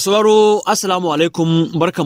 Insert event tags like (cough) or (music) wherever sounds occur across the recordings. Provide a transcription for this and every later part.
sauraro assalamu alaikum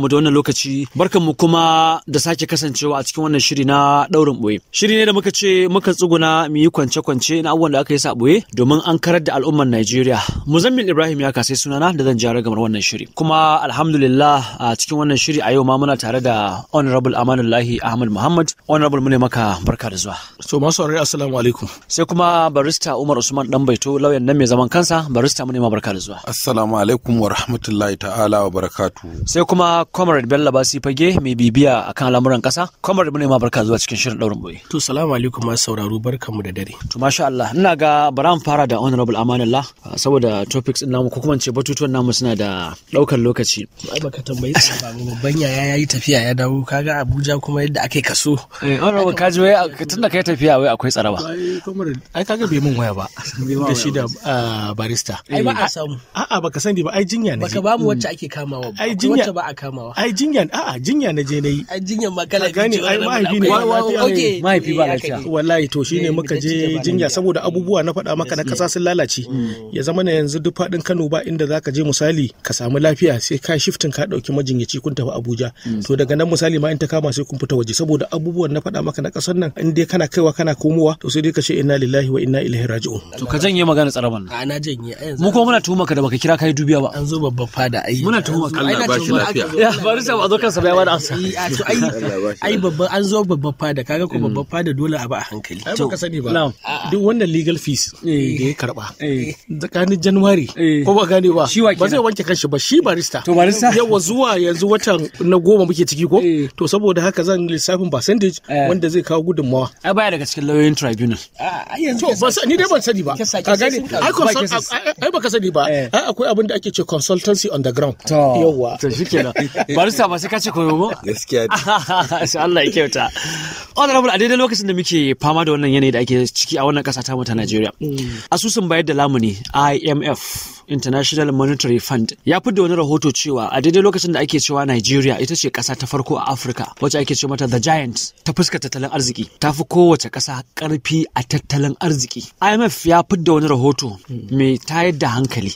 mu da wannan lokaci mu kuma da sake kasancewa a cikin wannan shiri na daurin boye shiri ne da muka ce muka tsuguna mu yi kwance kwance na abubuwan da aka yi sa boye domin an karar da al'ummar Najeriya Muzammil Ibrahim ya kasai sunana da zan jara gamar wannan shiri kuma alhamdulillah a cikin wannan shiri a yau ma muna tare da honorable Amanullahi Ahmad Muhammad honorable mu maka barka da zuwa to masu sauraro assalamu alaikum sai kuma barista Umar Usman baito lauyan nan mai zaman kansa barista mu ne ma barka da zuwa assalamu alaikum wa rahmatullahi rahmatullahi ta'ala wa barakatu. Sai kuma Comrade Bello Basi Fage mai bibiya akan al'amuran kasa. Comrade ne ma barka zuwa cikin shirin daurin boye. To salamu alaikum ma sauraro barkamu da dare. To masha Allah ina ga bara fara da Honorable Amanullah saboda topics din namu ko kuma ce batutuwan namu suna da daukar lokaci. Ai baka tambayi ba babban yaya yayi tafiya ya dawo kaga Abuja kuma yadda ake kaso. Eh Honorable kaji wai tunda kai tafiya wai akwai tsaraba. Ai kaga bai mun waya ba. Da shi da barista. Eh. Ai ba a samu. A'a baka sani ba ai jinya ne. Baka ba babu wacce ake kamawa ba ai jinya ba a kamawa ai jinya a'a jinya na je nayi ai jinyan ma kala gane ai mahaifi ne mahaifi ba lafiya eh, wallahi to shine eh, muka je jinya saboda abubuwa na faɗa maka na kasa sun lalace mm. ya zama na yanzu duk faɗin Kano ba inda zaka je misali ka samu lafiya sai ka shiftin ka dauki majinyaci kun tafi Abuja mm. to daga nan misali ma in ta kama sai kun fita waje saboda abubuwan na faɗa maka na kasar nan in dai kana kaiwa kana komowa to sai dai ka ce inna lillahi wa inna ilaihi raji'un to ka janye magana tsaraban na janye mu kuma muna tuhuma ka da baka kira kai dubiya ba an zo fa ba da ai muna tuhuma (laughs) Allah ba shi lafiya ya bari sai a zo kansa bai wani ansa to ai ai babban an zo babban fada kaga ko mm. babban fada dole a ba a hankali to ka sani ba duk wannan legal fees eh. da ya karba eh. tsakanin January eh. ko ba gane ba ba zai wanke kanshi ba shi barista to barista yawa zuwa yanzu watan na goma muke ciki ko to saboda haka zan lissafin percentage wanda zai kawo gudunmawa ai baya daga cikin lawyer tribunal to ni dai ban sani ba ka gane ai ba ka sani ba akwai abin da ake ce consultancy underground. To, ground yawwa to shikenan barista ba sai ka ce koyo ba gaskiya sai (laughs) Allah ya kyauta honorable a daidai lokacin da muke fama da wannan yanayi da ake ciki a wannan kasa ta mu ta Najeriya mm. asusun bayar da lamuni IMF International Monetary Fund ya fi wani rahoto cewa a daidai lokacin da ake cewa Nigeria ita ce ƙasa ta farko a Afirka wacce ake ce mata the giant ta fuskar tattalin arziki ta fi kowace ƙasa ƙarfi a tattalin arziki. IMF ya fi da wani rahoto mai tayar da hankali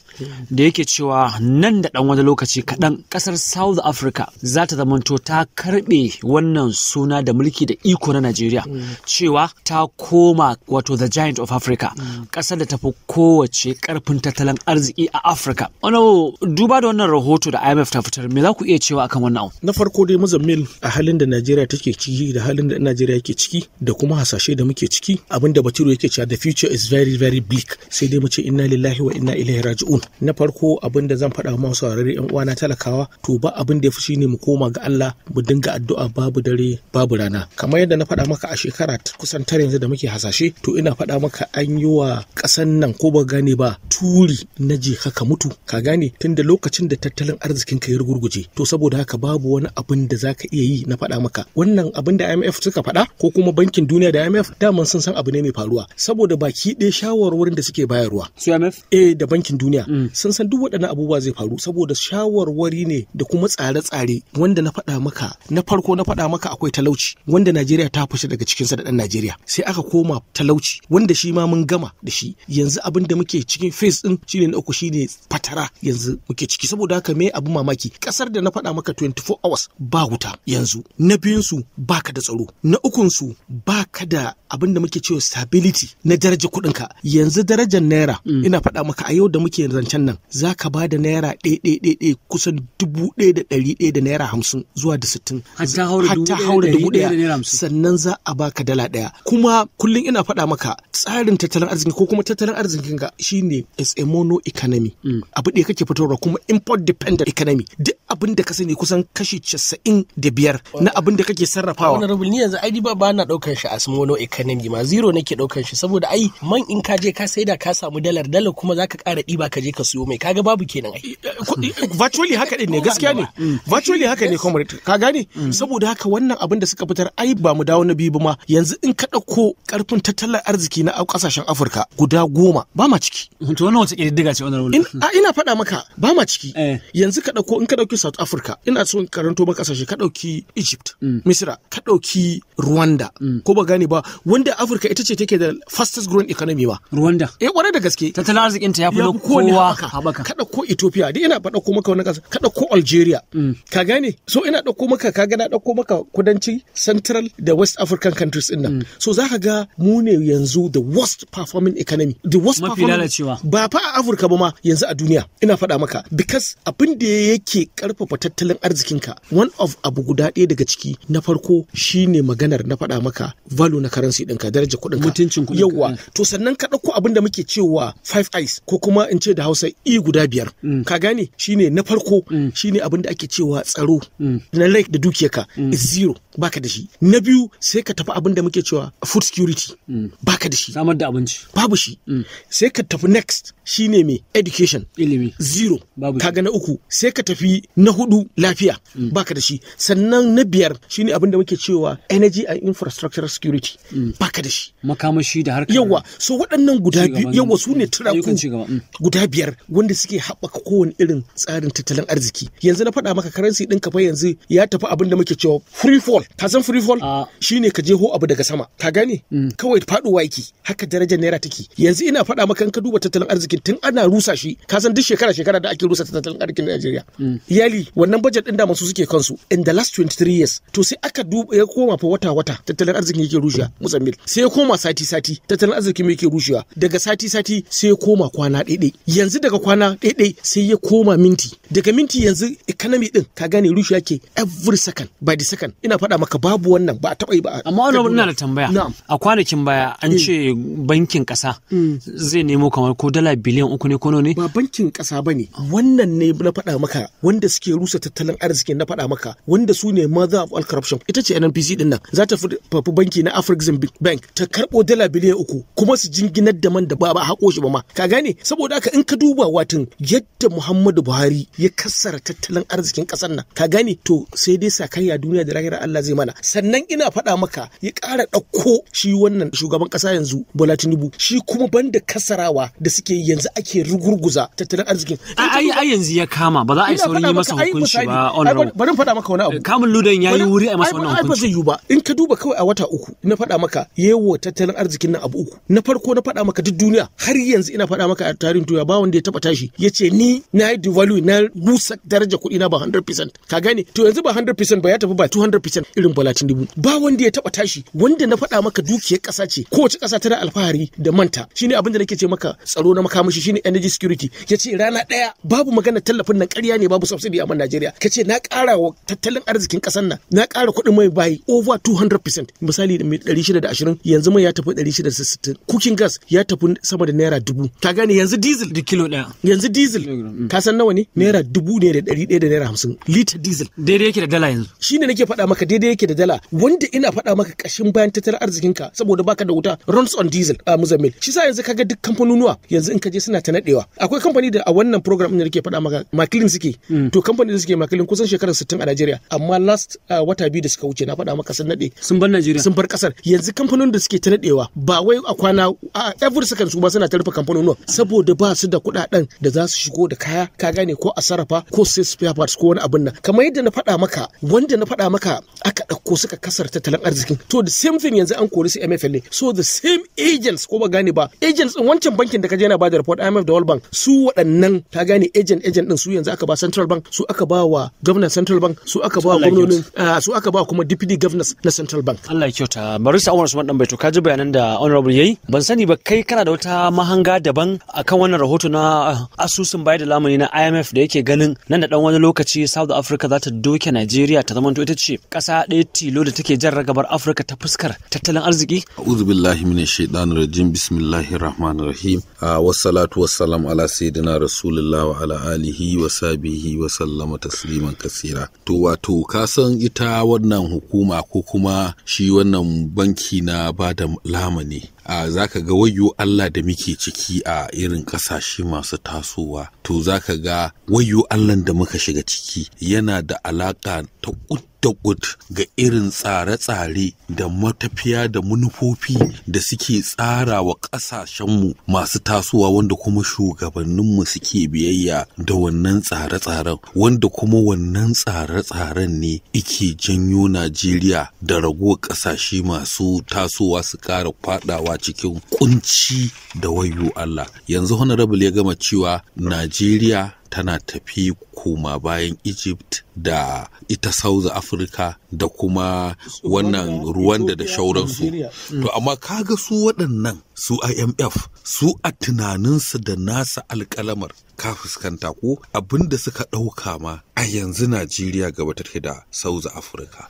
da yake cewa nan da ɗan wani lokaci kaɗan ƙasar South Africa za ta zamanto ta karɓe wannan suna da mulki da iko na nigeria. cewa ta koma wato the giant of Africa ƙasar da ta fi kowace ƙarfin tattalin arziki arziki a Afirka. Wani duba da wannan rahoto da IMF ta fitar me za ku iya cewa akan wannan Na farko dai Muzammil a halin da Najeriya take ciki da halin da Najeriya ke ciki da kuma hasashe da muke ciki abin da Batiru yake cewa the future is very very bleak sai dai mu ce inna lillahi wa inna ilaihi raji'un. Na farko abin da zan faɗa a saurare yan uwana talakawa to ba abin da ya fi shine mu koma ga Allah mu dinga addu'a babu dare babu rana. Kamar yadda na faɗa maka a shekara kusan tare yanzu da muke hasashe to ina faɗa maka an yi wa ƙasan nan ko ba gane ba turi na ka ka mutu ka gane tunda lokacin da tattalin arzikin ka ya gurguje to saboda haka babu wani abin da zaka iya yi na faɗa maka wannan abin da IMF suka faɗa ko kuma bankin duniya da IMF daman sun san abu ne mai faruwa saboda baki ɗaya shawarwarin da suke bayarwa su IMF eh da bankin duniya mm. sun san duk waɗannan abubuwa zai faru saboda shawarwari ne da kuma tsare-tsare wanda na faɗa maka na farko na faɗa maka akwai talauci wanda Najeriya ta fushi daga cikinsa da ɗan Najeriya sai aka koma talauci wanda shi ma mun gama da shi yanzu abin da muke cikin face ɗin shine na uku shine fatara yanzu muke ciki saboda haka me abu mamaki kasar da na faɗa maka 24 hours ba wuta yanzu na biyun su baka da tsaro na ukun su baka da abin da muke cewa stability na daraja ka yanzu darajar naira mm. ina faɗa maka a yau da muke zancen nan zaka ba da naira ɗaya kusan dubu ɗaya da ɗari ɗaya da naira hamsin zuwa da sittin hatta haura dubu ɗaya sannan za a baka dala ɗaya kuma kullum ina faɗa maka tsarin tattalin arziki ko kuma tattalin arzikin ka shine is a economy mm. abu da kake fitarwa kuma import dependent economy duk abin da ka sani kusan kashi casa'in da biyar na abin da kake sarrafawa wani rubul ni yanzu ai ba ba na ɗaukar shi a mono economy ma zero nake ɗaukar shi saboda ai man in ka je ka saida ka samu dalar dalar kuma zaka kara diba ka je ka siyo mai kaga babu kenan ai eh, eh, eh, virtually haka ne gaskiya ne mm. virtually haka ne comrade ka gane mm. saboda haka wannan abin da suka fitar ai ba mu dawo na biyu ba ma yanzu in ka dauko ƙarfin tattalin arziki na ƙasashen Afirka guda goma ba ma ciki to wannan wata ƙididdiga ce wani ina faɗa maka ba ma ciki eh. yanzu ka ɗauko in ka ɗauki South Africa ina son karanto ma kasashe ka ɗauki Egypt mm. Misira ka ɗauki Rwanda mm. ko ba gane ba wanda Africa ita ce take da fastest growing economy ba Rwanda eh kwarai da gaske tattalin arzikin ta ya fi kowa habaka ka ɗauko Ethiopia duk ina faɗa ko maka wannan ƙasa ka ɗauko Algeria mm. ka gane so ina ɗauko maka ka gana ɗauko maka kudanci Central da West African countries ɗin nan so ka ga mu ne yanzu the worst performing economy the worst performing ba fa a Africa ba ma yanzu a duniya ina faɗa maka because abin da yake karfafa tattalin arzikinka one of abu guda ɗaya daga ciki na farko shine maganar na faɗa maka value na currency ɗinka daraja ka. mutuncin kuɗinka yawa mm. to sannan ka ɗauko abin da muke cewa five eyes ko kuma in ce da Hausa i e guda biyar mm. ka gane shine na farko mm. shine abin da ake cewa tsaro na like da dukiyarka is zero baka da shi na biyu sai ka tafi abin da muke cewa food security baka da shi samar da abinci babu shi sai ka tafi next shine me education ilimi zero kaga na uku sai ka tafi na hudu lafiya mm. baka da shi sannan na biyar shine abin da muke cewa energy and infrastructure security mm. baka da shi makamashi da harkar yawa so waɗannan guda biyu yawa su ne turaku mm. guda biyar wanda suke haɓaka kowane irin tsarin tattalin arziki yanzu na faɗa maka karansi ɗin fa yanzu ya tafi abin da muke cewa free fall ka san free fall ah. shine ka je ho abu daga sama ka gane mm. kawai faɗuwa yake haka darajar naira take yanzu ina faɗa maka in ka duba tattalin arzikin tun ana ruwa rusa shi ka san duk shekara shekara da ake rusa tattalin arzikin Najeriya hmm. iyali wannan budget din da masu suke kansu in the last 23 years to sai aka duba ya koma fa wata wata tattalin arzikin yake rushewa musamman sai ya koma sati sati tattalin arzikin yake rushewa daga sati sati sai ya koma kwana daidai yanzu daga kwana daidai sai ya koma minti daga minti yanzu economy din ka gane rushewa ke every second by the second ina faɗa maka babu wannan ba a taɓa yi ba amma wannan ina da tambaya a kwanakin baya an eh. ce bankin ƙasa hmm. zai nemo kamar ko dala biliyan uku ne ko Kono ne? Ba bankin ƙasa ba ne. Wannan ne na faɗa maka wanda suke rusa tattalin arziki na faɗa maka wanda su ne mother of all corruption. Ita ce NNPC din nan za ta fafi banki na Afrexim Bank ta karɓo dala biliyan uku kuma su jinginar da man da ba ba haƙo shi ba ma. Ka gane? Saboda haka in ka duba watan yadda Muhammadu Buhari ya kassara tattalin arzikin ƙasar nan. Ka gane? To sai dai sakayya duniya da lahira Allah zai mana. Sannan ina faɗa maka ya ƙara ɗauko shi wannan shugaban ƙasa yanzu Bola Tinubu shi kuma banda kasarawa da suke yanzu ake ru gurguza tattalin arzikin ai yanzu ya kama ba za a yi saurin yi masa hukunci ba honorable oh bari faɗa maka wani abu eh, kamun ludan yi wuri a masa wannan hukunci ba zai yi ba in ka duba kawai a wata uku na faɗa maka yewo tattalin arzikin nan abu uku na farko na faɗa maka duk duniya har yanzu ina faɗa maka a tarihin duniya ba wanda ya taba tashi ce ni na yi devalue na rusa daraja kuɗi na ba 100% ka gane to yanzu ba 100% ba ya tafi ba 200% irin balatin dubu ba wanda ya taba tashi wanda na faɗa maka dukiyar ƙasa ce kowace ƙasa tana alfahari da manta shine abin da nake ce maka tsaro na makamashi shine energy energy security ya ce rana ɗaya babu magana tallafin nan ƙarya ne babu subsidy a man Najeriya ka ce na ƙara wa tattalin arzikin ƙasar nan na ƙara kuɗin mai bayi over 200% misali da 620 yanzu mai ya tafi 660 cooking gas ya tafi sama da naira dubu ka gane yanzu diesel da kilo ɗaya yanzu diesel mm. ka san nawa ne naira dubu ne da ɗari ɗaya da naira hamsin litre diesel daidai yake da dala yanzu shine nake faɗa maka daidai yake da dala wanda ina faɗa maka ƙashin bayan tattalin arzikinka saboda baka da wuta runs on diesel a muzamil shi sa yanzu kaga duk kamfanonuwa yanzu in ka je suna ta naɗewa cewa akwai kamfani da a wannan program ne nake faɗa maka makilin suke mm. to kamfani da suke makilin kusan shekarar 60 a Najeriya amma last uh, wata biyu da suka wuce na faɗa maka sun nade sun bar Najeriya sun bar kasar yanzu kamfanonin da suke ta nadewa ba wai a kwana a every second su ba suna tarfa kamfanonin saboda ba su da kuɗaɗen da za su shigo da kaya ka gane ko a sarrafa ko sai spare parts ko wani abin nan kamar yadda na faɗa maka wanda na faɗa maka aka ɗauko suka kasar tattalin arzikin to the same thing yanzu an kori su MFL so the same agents ko ba gane ba agents wancan bankin da ka je yana ba da report IMF da World bank su waɗannan ta gane agent agent din su yanzu aka ba central bank su aka ba wa governor central bank su aka ba gwamnonin ah, su aka ba kuma deputy governors na central bank Allah ya kyauta Marisa Umar Usman dan Baito ka ji bayanan da honorable yayi ban sani ba kai kana da wata mahanga daban akan wannan rahoto na ah, asusun bayar da lamuni na IMF da yake ganin nan da dan wani lokaci South Africa za ta doke Nigeria ta zamanto ita ce kasa ɗaya tilo da take jan ragabar Africa ta fuskar tattalin arziki a'udhu billahi minash shaitanir rajim bismillahir rahmanir rahim ah, wassalatu wasallam ala sayyidina rasulullah wa ala alihi wa sabihi wa sallama tasliman kasira to wato ka san ita wannan hukuma ko kuma shi wannan banki na bada lamani a zaka ga wayo Allah da muke ciki a irin kasashe masu tasowa to zaka ga wayo Allah da muka shiga ciki yana da alaka ta da ga irin tsare-tsare da matafiya da manufofi da suke tsara wa ƙasashenmu masu tasowa wanda kuma shugabanninmu suke biyayya da wannan tsare-tsaren wanda kuma wannan tsare-tsaren ne ike janyo Najeriya da ragowar ƙasashe masu tasowa su ƙara faɗawa cikin kunci da wayo Allah yanzu honorable ya gama cewa Najeriya tana tafi koma bayan egypt da ita south africa da kuma wannan ruwanda da shauransu to mm. amma ka ga su waɗannan su imf su a tunaninsu da nasa alƙalamar, ka fuskanta ko abinda suka ɗauka ma a yanzu najeriya gaba ta da south africa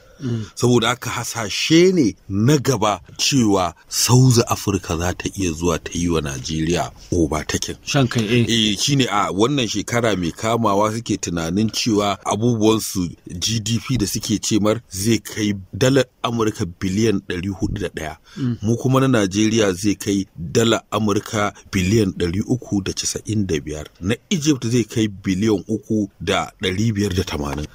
saboda aka hasashe ne na gaba cewa sauza afirka za ta iya zuwa ta yi wa najeriya obatakin shan kai eh. eh, shi ne a wannan shekara mai kamawa suke tunanin cewa abubuwansu gdp da suke cemar zai kai dala amurka biliyan 401 mm. mu kuma na najeriya zai kai dala amurka biliyan 395 na egypt zai kai biliyan 3 da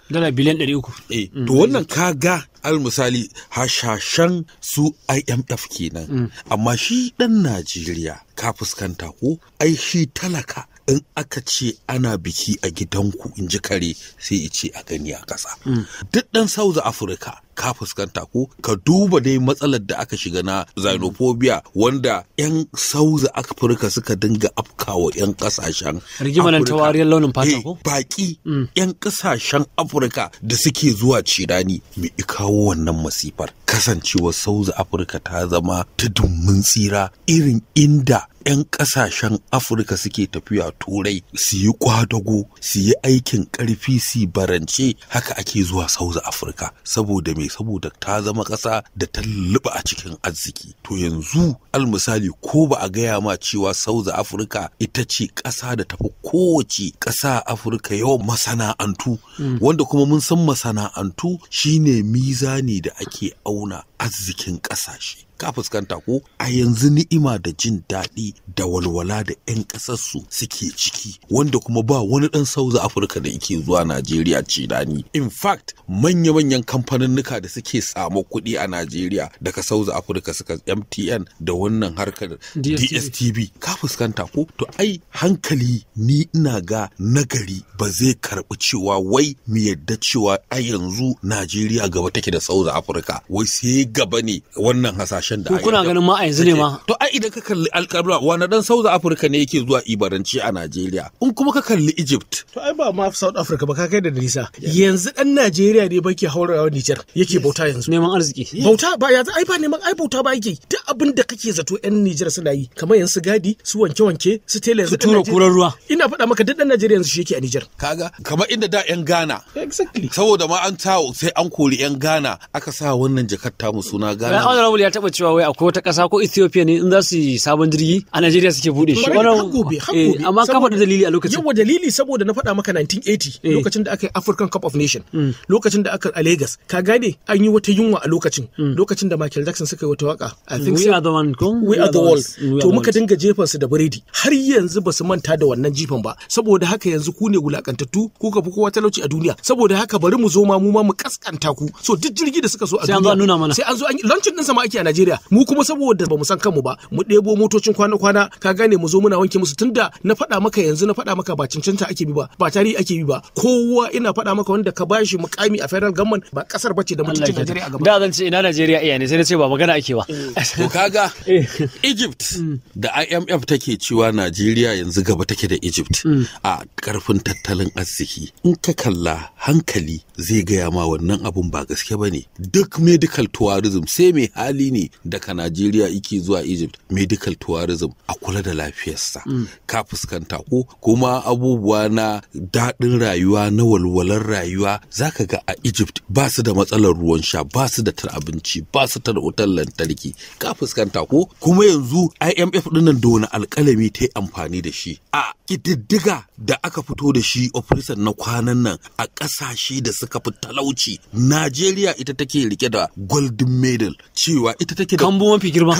dala biliyan 300 eh mm. to wannan kaga ma'ana al misali hashashen su imf kenan mm. amma shi ɗan najeriya ka fuskanta ko ai shi talaka in aka ce ana biki a gidanku in ji kare sai ya ce a gani a ƙasa mm. duk ɗan south africa ka fuskanta ko ka duba dai matsalar da aka shiga na xenophobia wanda 'yan south africa suka dinga afkawa 'yan kasashen rigimanan tawariyar launin fata eh, ko Baƙi 'yan mm. ƙasashen afirka da suke zuwa cirani mai ikawo wannan masifar kasancewar south africa ta zama ta dumin tsira irin inda 'yan ƙasashen afirka suke tafiya turai su yi kwadago su yi aikin ƙarfi su barance haka ake zuwa sauza afirka saboda mai saboda ta zama ƙasa da ta luba a cikin arziki to yanzu al misali ko ba a gaya ma cewa sauza afirka ita ce ƙasa da tafi kowace ƙasa afirka yawan masana'antu mm. wanda kuma mun san masana'antu shine mizani da ake auna arzikin ƙasashe ka fuskanta ko a yanzu ni'ima da jin daɗi da walwala da 'yan ƙasarsu suke ciki wanda kuma ba wani ɗan sauza afirka da yake zuwa najeriya ce dani in fact manya-manyan kamfaninnika da suke samu kuɗi a najeriya daga sauza afirka suka mtn da wannan harkar dstv ka fuskanta ko to ai hankali ni ina ga nagari ba zai karɓi cewa wai mu yadda cewa a yanzu najeriya gaba take da sauza afirka wai sai gaba ne wannan hasashen kasashen da kuna ganin ma a yanzu ne ma to ai idan ka kalli alƙabla wani dan South Africa ne yake zuwa ibaranci a Najeriya in kuma ka kalli Egypt to ai ba ma South Africa ba ka kai da nisa yanzu dan Najeriya ne bake haurawa nijar yake bauta yanzu neman arziki bauta ba yanzu ai ba neman ai bauta ba yake duk abin da kake zato yan nijar suna yi kamar yanzu gadi su wanke wanke su tele su tura kuran ruwa ina faɗa maka duk dan Najeriya yanzu shi yake a Niger kaga kamar inda da yan Ghana exactly saboda ma an tawo sai an kori yan Ghana aka sa wannan jakar tamu mu suna Ghana ya taɓa cewa wai akwai wata ƙasa ko Ethiopia ne in za su yi sabon jirgi a Najeriya suke bude shi. Wannan gobe gobe. Eh, amma ka faɗi dalili a lokacin. Yawa dalili saboda na faɗa maka 1980 eh. lokacin da aka yi African Cup of Nation hmm. lokacin da aka a Lagos ka gane an yi wata yunwa a lokacin hmm. lokacin da Michael Jackson suka yi wata waka. I think we are the one ko we are the world. To muka dinga jefan su da biredi har yanzu ba su manta da wannan jifan ba saboda haka yanzu ku ne wulakantattu ku ka fi kowa talauci a duniya saboda haka bari mu zo ma mu ma mu kaskanta ku so duk jirgi da suka so a duniya sai an zo an yi launching din sama ake a Najeriya Najeriya mu kuma saboda bamu san kanmu ba mu ɗebo motocin kwana-kwana ka gane mu zo muna wanke musu tunda na faɗa maka yanzu na faɗa maka ba cancanta ake bi ba ba tarihi ake bi ba kowa ina faɗa maka wanda ka bashi mukami a federal government ba kasar bace da mutuncin Najeriya a gaba da zan ce ina Najeriya iya ne sai na ce ba magana ake ba eh. to kaga eh. Egypt mm. da IMF take cewa Najeriya yanzu gaba take da Egypt mm. a karfin tattalin arziki in ka kalla hankali zai gaya ma wannan abun ba gaske bane duk medical tourism sai mai hali ne daga Najeriya ike zuwa Egypt medical tourism a kula da lafiyarsa mm. ka fuskanta ko kuma abubuwa na daɗin rayuwa na walwalar rayuwa zaka ga a Egypt ba su da matsalar ruwan sha ba su da tar abinci ba su da wutar lantarki ka fuskanta ko kuma yanzu IMF nan da wani alƙalami ta amfani da shi a ƙididdiga da aka fito da shi operation na kwanan nan a ƙasashe da suka fi talauci Najeriya ita take rike da golden medal cewa ita take da kambo mafi girma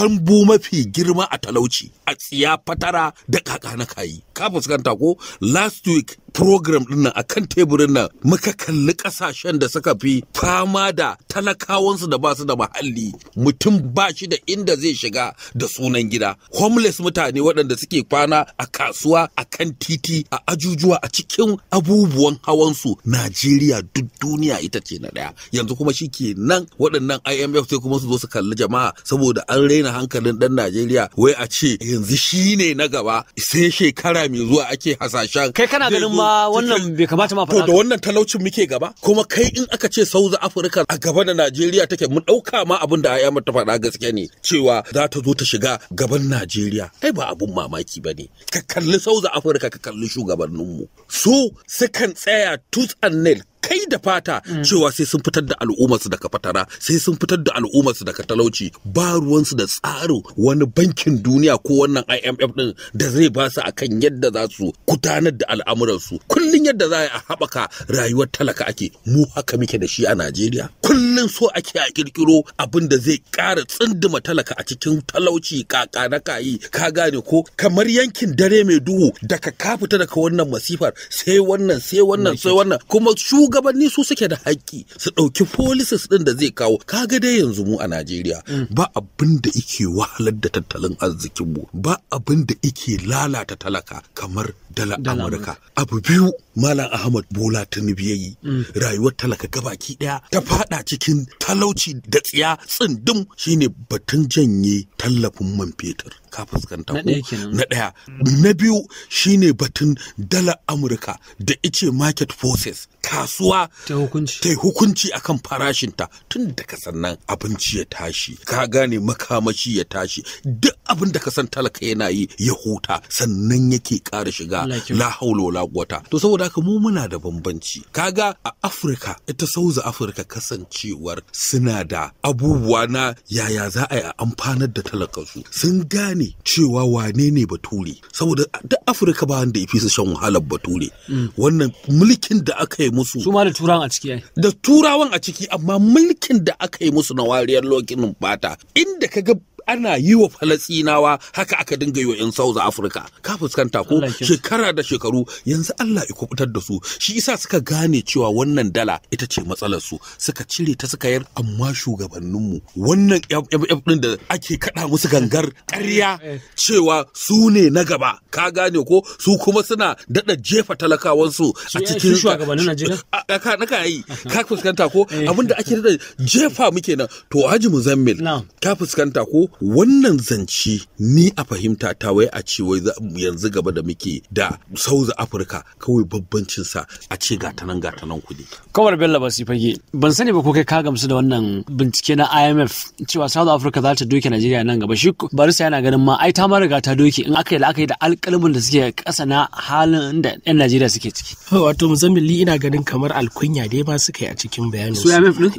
mafi girma a talauci a tsiya fatara da kaka na kayi ka fuskanta ko last week program din nan akan teburin nan muka kalli kasashen da suka fi fama da talakawansu da basu da mahalli mutum ba shi da inda zai shiga da sunan gida homeless mutane waɗanda suke kwana a kasuwa a kan titi a ajujuwa a cikin abubuwan hawansu najeriya duk duniya ita ce na ɗaya yanzu kuma shi ke nan waɗannan imf sai kuma su zo su kalli jama'a saboda an raina hankalin ɗan najeriya wai a ce yanzu shi ne na gaba sai shekara shekara mai zuwa ake hasashen kai kana ganin ma wannan bai kamata ma faɗa to da wannan talaucin muke gaba kuma kai in aka ce South Africa a gaba da Najeriya take mu ɗauka ma abin da Ayyama ta faɗa gaske ne cewa za ta zo ta shiga gaban Najeriya ai ba abun mamaki ba ne ka kalli South Africa ka kalli shugabannin mu. su sukan tsaya tooth and kai da fata cewa sai sun fitar da al'ummarsu daga fatara sai sun fitar da al'ummarsu daga talauci ba ruwansu da tsarin wani bankin duniya ko wannan IMF din da zai ba su akan yadda za su gudanar da al'amuransu kullum yadda za a haɓaka rayuwar talaka ake mu haka muke da shi a Najeriya kullum so ake a kirkiro abin da zai ƙara tsinduma talaka a cikin talauci kaka na kayi ka gane ko kamar yankin dare mai duhu daga ka fita daga wannan masifar sai wannan sai wannan sai wannan kuma shuga shugabanni su suke da haƙƙi su ɗauki policies ɗin da zai kawo kaga dai yanzu mu a Najeriya ba abin da ike wahalar da tattalin arzikinmu ba abin da ike lalata talaka kamar dala Amurka abu biyu Malam Ahmad Bola Tinubu yayi mm. rayuwar talaka gabaki daya. ta fada cikin talauci da tsiya tsindin shine batun janye tallafin man fetur ka fuskanta na ɗaya na biyu shine batun dalar amurka da ice market forces kasuwa ta hukunci hukunci akan farashinta tun da ka sannan abinci ya tashi ka gane makamashi ya tashi duk abin da ka san talaka yana yi ya huta sannan yake ƙara shiga la haula wala quwata to saboda haka mu muna da bambanci kaga a Afirka ita sauza afirka kasancewar suna da abubuwa na yaya za a yi amfanar da talakansu sun gane gane cewa wane ne bature saboda duk afirka ba wanda ya fi su shan wahalar bature mm. wannan mulkin da aka yi musu su ma da turawan a ciki da turawan a ciki amma mulkin da aka yi musu na wariyar lokacin fata inda ka ga ana yi wa falasinawa haka aka dinga yi wa yan sauza afirka ka fuskanta ko shekara da shekaru yanzu allah ya kubutar da su shi isa suka gane cewa wannan dala ita ce matsalar su suka cire ta suka yar amma shugabannin mu wannan ff ɗin da ake kada musu gangar ƙarya cewa su ne na gaba ka gane ko su kuma suna dada jefa talakawansu a eh, cikin shugabannin ka yi ka fuskanta ko eh. abinda ake jefa muke nan to haji muzammil ka fuskanta ko wannan zanci ni a fahimta ta wai a ce wai yanzu gaba da muke da South Africa kawai babbancin sa a ce gata nan gata nan kudi kawar Bello ba su fage ban sani ba ko kai ka gamsu da wannan bincike na IMF cewa South Africa za ta doke Najeriya nan gaba shi Barisa yana ganin ma ai ta ma riga ta doke in aka yi yi da alƙalmin da suke ƙasa na halin da 'yan Najeriya suke ciki wato muzammili ina ganin kamar alkunya dai ba suka yi a cikin bayanin su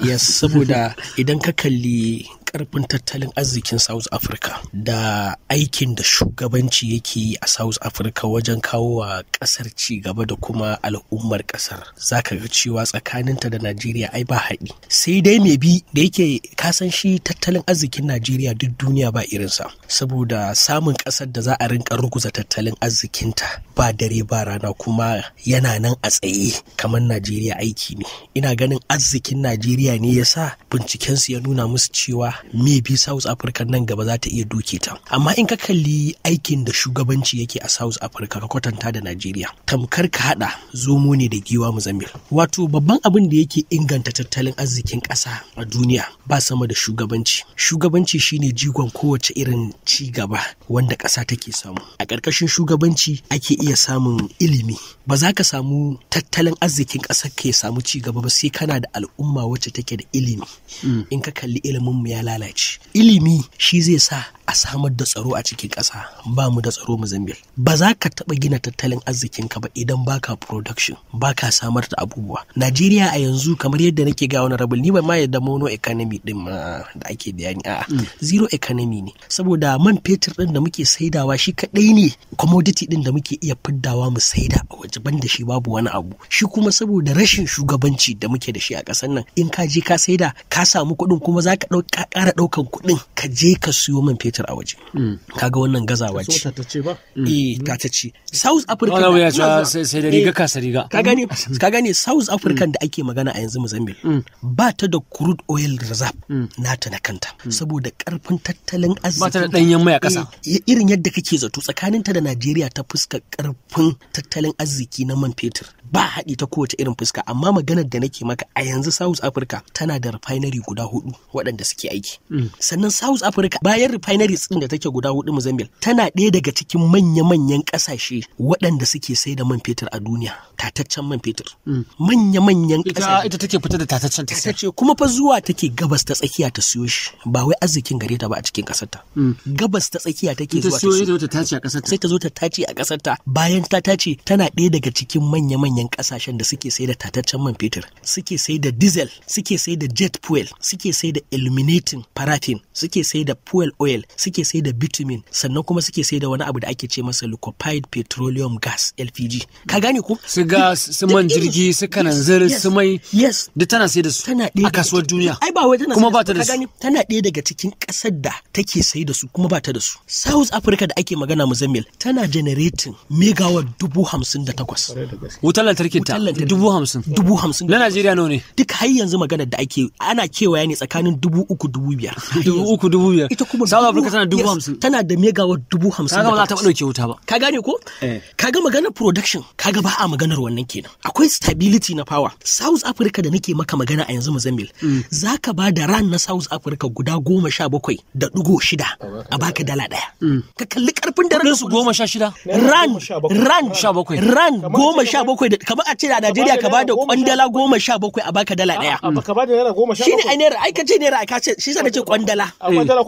yes saboda idan ka kalli karfin tattalin arzikin south africa da aikin da shugabanci yake yi a south africa wajen kawo wa kasar ci gaba da kuma al'ummar kasar zaka ga cewa tsakaninta da najeriya ai ba haɗi sai dai mai bi da yake kasan shi tattalin arzikin najeriya duk duniya ba irinsa saboda samun kasar da za a rinka ruguza tattalin arzikinta ba dare ba rana kuma yana nan a tsaye kamar najeriya aiki ne ina ganin arzikin najeriya ne yasa sa bincikensu ya nuna musu cewa Me maybe south africa nan gaba za ta iya doke ta amma in ka kalli aikin da shugabanci yake a south africa ka kwatanta da najeriya tamkar ka haɗa zomo ne da giwa mu muzamil wato babban abin da yake inganta tattalin arzikin ƙasa a duniya ba sama da shugabanci shugabanci shine jigon kowace irin ci gaba wanda ƙasa take samu a ƙarƙashin shugabanci ake iya samun ilimi ba za ka samu tattalin arzikin ƙasa ke samu ci gaba ba sai kana da al'umma wacce take da ilimi hmm. in ka kalli ilimin mu ya lalace ilimi shi zai sa a samar da tsaro a cikin ƙasa ba mu da tsaro Mozambique ba za ka taɓa gina tattalin arzikin ka ba idan baka production baka samar da abubuwa Najeriya a yanzu kamar yadda nake ga wani rabul ni ba ma yadda mono economy din ma da ake bayani a mm. zero economy ne saboda man fetur din da muke saidawa shi kadai ne commodity din da muke iya fiddawa mu saida a waje banda shi babu wani abu shi kuma saboda rashin shugabanci da muke da shi a ƙasar nan in ka je ka saida ka samu kuɗin kuma za ka ɗauka ƙara ɗaukan kuɗin ka je ka siyo man fetur a waje mm. kaga wannan gazawa ce eh mm. ta tace. South Africa sai da riga eh, kasa riga ka gane mm. ka gane South African da ake magana a yanzu Mozambique ba ta da crude oil reserve nata na kanta saboda karfin tattalin arziki ba ta da danyen mai a ƙasa eh, irin yadda kake zato tsakaninta da Najeriya ta fuska karfin tattalin arziki na man fetur ba haɗi ta kowace irin fuska amma maganar da nake maka a yanzu South Africa tana da refinery guda hudu waɗanda suke aiki ce sannan South Africa bayan refineries din da take guda hudu muzambil tana ɗaya daga cikin manya-manyan ƙasashe waɗanda suke sai da man fetur a duniya tataccen man fetur manya-manyan ƙasashe ita take fita da tataccen ta ce kuma fa zuwa take gabas ta tsakiya ta siyo shi ba wai arzikin gare ta ba a cikin ƙasar ta mm. gabas ta tsakiya take zuwa ta siyo ta tace a ƙasar ta sai ta zo ta tace a ƙasar ta bayan ta tace tana ɗaya daga cikin manya-manyan ƙasashen da suke sai da tataccen man fetur suke sai da diesel suke sai da jet fuel suke sai da illuminate producing paraffin suke sai da fuel oil suke sai da bitumen sannan kuma suke sai da wani abu da ake ce masa liquefied petroleum gas LPG ka gane ko su gas su man jirgi su kanan kananzir su mai yes da tana sai da su a kasuwar duniya ai ba wai tana kuma ba ta da su tana ɗaya daga cikin ƙasar da take sai da su kuma ba ta da su South Africa da ake magana Muzammil tana generating megawatt dubu hamsin da takwas wutar lantarkin ta dubu hamsin dubu hamsin na Najeriya nawa ne duk har yanzu magana da ake ana kewaya ne tsakanin dubu uku dubu dubu biyar (laughs) dubu uku dubu biyar ita kuma south africa tana dubu hamsin tana da megawatt dubu hamsin kaga ba za ta ɗauke wuta ba ka gane ko eh. kaga maganar production kaga ba a maganar wannan kenan akwai stability na power south africa da nake maka magana a yanzu mozambique mm. za ka ba da ran na south africa guda goma sha bakwai da ɗigo shida a baka dala ɗaya mm. ka kalli karfin da ran goma sha shida ran ran sha bakwai ran goma sha bakwai da kamar a ce a najeriya ka ba da kwandala goma sha bakwai a baka dala ɗaya ka ba da naira goma sha bakwai shi shine ai naira ai ka ce naira ka ce shi shi sa ce kwandala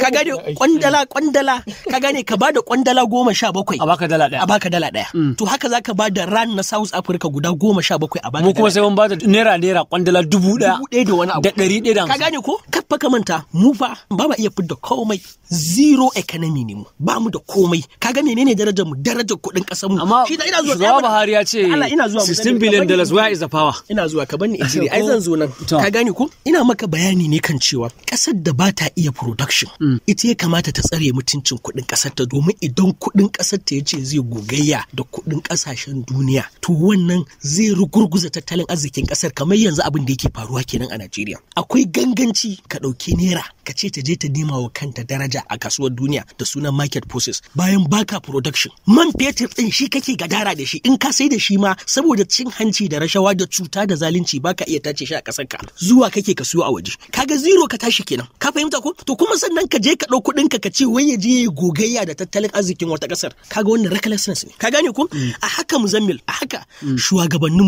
ka gani kwandala kwandala ka gane ka bada kwandala goma sha bakwai a baka dala daya a baka dala daya mm. to haka zaka bada ran na South Africa guda goma sha bakwai a baka mu kuma sai mun bada naira naira kwandala dubu dubu daya da wani abu da ɗari daya da ka gane ko kafa ka manta mu fa ba ma iya fidda komai zero economy ne mu ba mu da komai ka ga menene darajar mu darajar kuɗin ƙasar mu amma shi da ina zuwa shugaba Buhari ya ce Allah ina zuwa 16 billion dollars where is the power ina zuwa ka bani injiri ai (laughs) zan zo nan ka gane ko ina maka bayani ne kan cewa ƙasar da ba ta iya production hmm. ita ya kamata ta tsare mutuncin kuɗin ƙasar ta domin idan kuɗin ƙasar ta yace zai gogayya da kuɗin ƙasashen duniya to wannan zai rugurguza tattalin arzikin ƙasar kamar yanzu abin da yake faruwa kenan a Najeriya akwai ganganci ka ɗauki naira ka ce ta je ta nema wa kanta daraja a kasuwar duniya da sunan market forces bayan baka production man fetur din shi kake gadara da shi in ka sai da shi ma saboda cin hanci da rashawa da cuta da zalunci baka iya tace shi a kasar ka zuwa kake ka siyo a waje kaga zero ka tashi kenan ka fahimta ko to kuma sannan ka je ka ɗau kuɗin ka ka ce wai ya je ya gogayya da tattalin arzikin wata ƙasar kaga wannan recklessness ne ka gane ko mm. a haka muzammil a haka mm.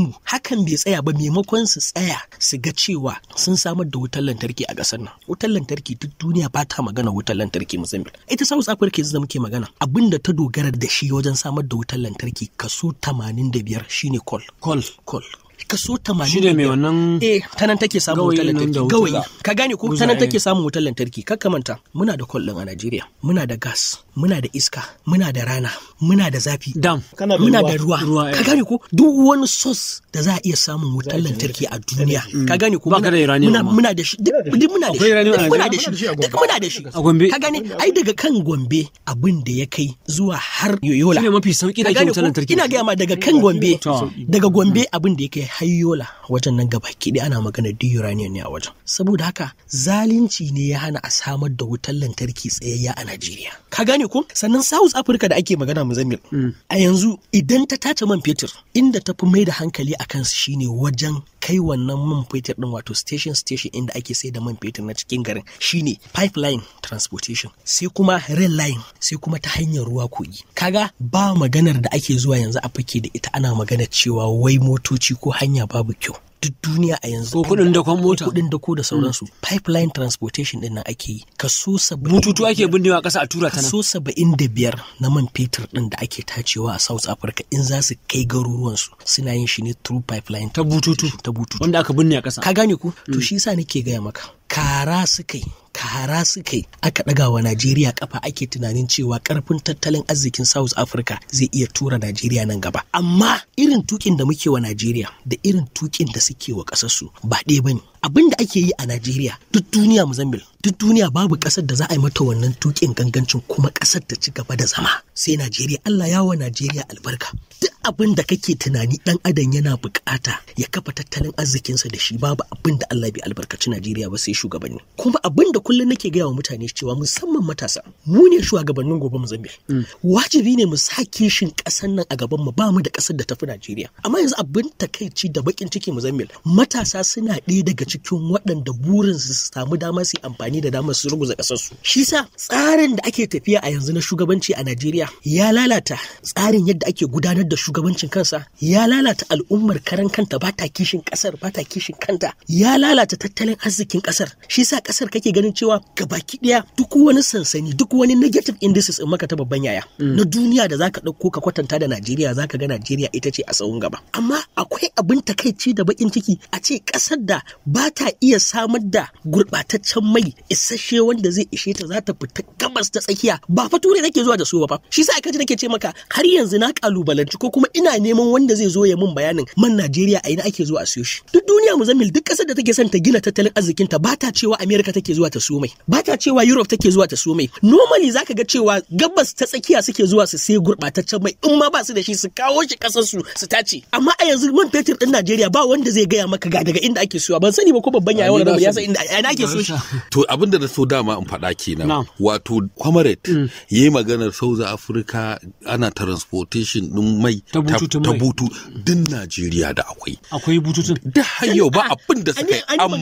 mu hakan bai tsaya ba maimakon su tsaya su ga cewa sun samar da wutar lantarki a ƙasar nan wutar lantarki duk duniya ba ta magana wutar lantarki muzammil ita South Africa yanzu da muke magana abin da ta dogara da shi wajen samar da wutar lantarki kaso 85 shine coal coal coal kaso 80 ne mai wannan eh tanan take samun wutar lantarki gawayi ka gane ko tanan take samun wutar lantarki ka manta muna da kwallon a Najeriya muna da gas muna da iska muna da rana muna da zafi dam muna da ruwa eh. ka gane ko duk wani source da za a iya samun wutar lantarki a duniya ka gane ko muna muna da shi muna da shi muna da shi duk muna da shi a Gombe ka gane ai daga kan Gombe abin da ya kai zuwa har Yola ne mafi sauki da wutar lantarki ina ga ma daga kan Gombe daga Gombe abin da ya kai hayyola wajen nan gaba kiɗi ana magana duk uranium ne a wajen saboda haka zalunci ne ya hana a samar da wutar lantarki tsayayya a Najeriya ka gane ko sannan South Africa da ake magana Mozambique mm. a yanzu idan ta tace man fetur inda ta fi mai da hankali a kansu shine wajen kai wannan man fetur din wato station station inda ake sai da man fetur na cikin garin shine pipeline transportation sai kuma rail line sai kuma ta hanyar ruwa kogi kaga ba maganar da ake zuwa yanzu a fake da ita ana maganar cewa wai motoci ko hanya babu kyau duk duniya a yanzu ko kudin da kwan mota kudin da ko mm. da sauransu pipeline transportation din nan ake yi kaso 70 mututu ake binnewa kasa a tura ta nan kaso 75 na man fetur din da ake tacewa a South Africa in za su kai garuruwan su suna yin shi ne through pipeline ta bututu ta bututu wanda aka binne a kasa ka gane ku to mm. shi yasa nake gaya maka kara suka yi kara suka yi aka ɗaga wa Najeriya kafa ake tunanin cewa karfin tattalin arzikin South Africa zai iya tura Najeriya nan gaba. Amma irin tukin da muke wa Najeriya da irin tukin da suke wa ƙasarsu ba ɗaya bane. Abin da ake yi a Najeriya duk duniya Mozambique duk duniya babu ƙasar da za a yi mata wannan tukin gangancin kuma ƙasar ta ci gaba da zama sai Najeriya Allah yawa Najeriya albarka. Duk abin da kake tunani ɗan adam yana buƙata ya kafa tattalin arzikinsa da shi babu abin da Allah bai albarkaci Najeriya ba sai shugabanni. Kuma abin da kullum nake gaya wa mutane cewa musamman matasa mu ne shugabannin gobe Mozambique mm. wajibi ne mu sa kishin ƙasar nan a gaban mu ba mu da kasar da tafi Najeriya amma yanzu abin takaici da bakin ciki Mozambique matasa suna ɗaya daga cikin waɗanda burin su samu dama su amfani da damar su ruguza ƙasar su shi sa tsarin da ake tafiya a yanzu na shugabanci a Najeriya ya lalata tsarin yadda ake gudanar da shugabancin kansa ya lalata al'ummar karan kanta ba ta kishin kasar ba ta kishin kanta ya lalata tattalin arzikin ƙasar shi sa ƙasar kake ganin cewa gabaki daya duk wani sansani duk wani negative indices in maka ta babban yaya mm. na duniya da zaka dauko ka kwatanta da Najeriya zaka ga Najeriya ita ce a tsawon gaba amma akwai abin takaici da bakin ciki a ce kasar da ba ta iya samar da gurbataccen mai isasshe wanda zai ishe ta za ta fita gabas ta tsakiya ba fa ture nake zuwa da su ba fa shi sa aka ji nake ce maka har yanzu na kalubalanci ko kuma ina neman wanda zai zo ya min bayanin man Najeriya a ina ake zuwa a siyo shi duk duniya mu zamil duk kasar da take son ta gina tattalin arzikinta ba ta cewa america take zuwa ta siyo mai ba ta cewa Europe take zuwa ta siyo mai normally zaka ga cewa gabas ta tsakiya suke zuwa su sai gurbataccen mai in ma ba su da shi su kawo shi kasar su su tace amma a yanzu man fetur din Najeriya ba wanda zai gaya maka ga daga inda ake suwa ban sani ba ko babban yayi wannan ya san inda ana ake so shi (laughs) to abin da na so dama in faɗa kenan wato Comrade mm. yayi maganar South Africa ana transportation din mai ta butu din Najeriya da akwai akwai bututun da har ba abin da suka yi amma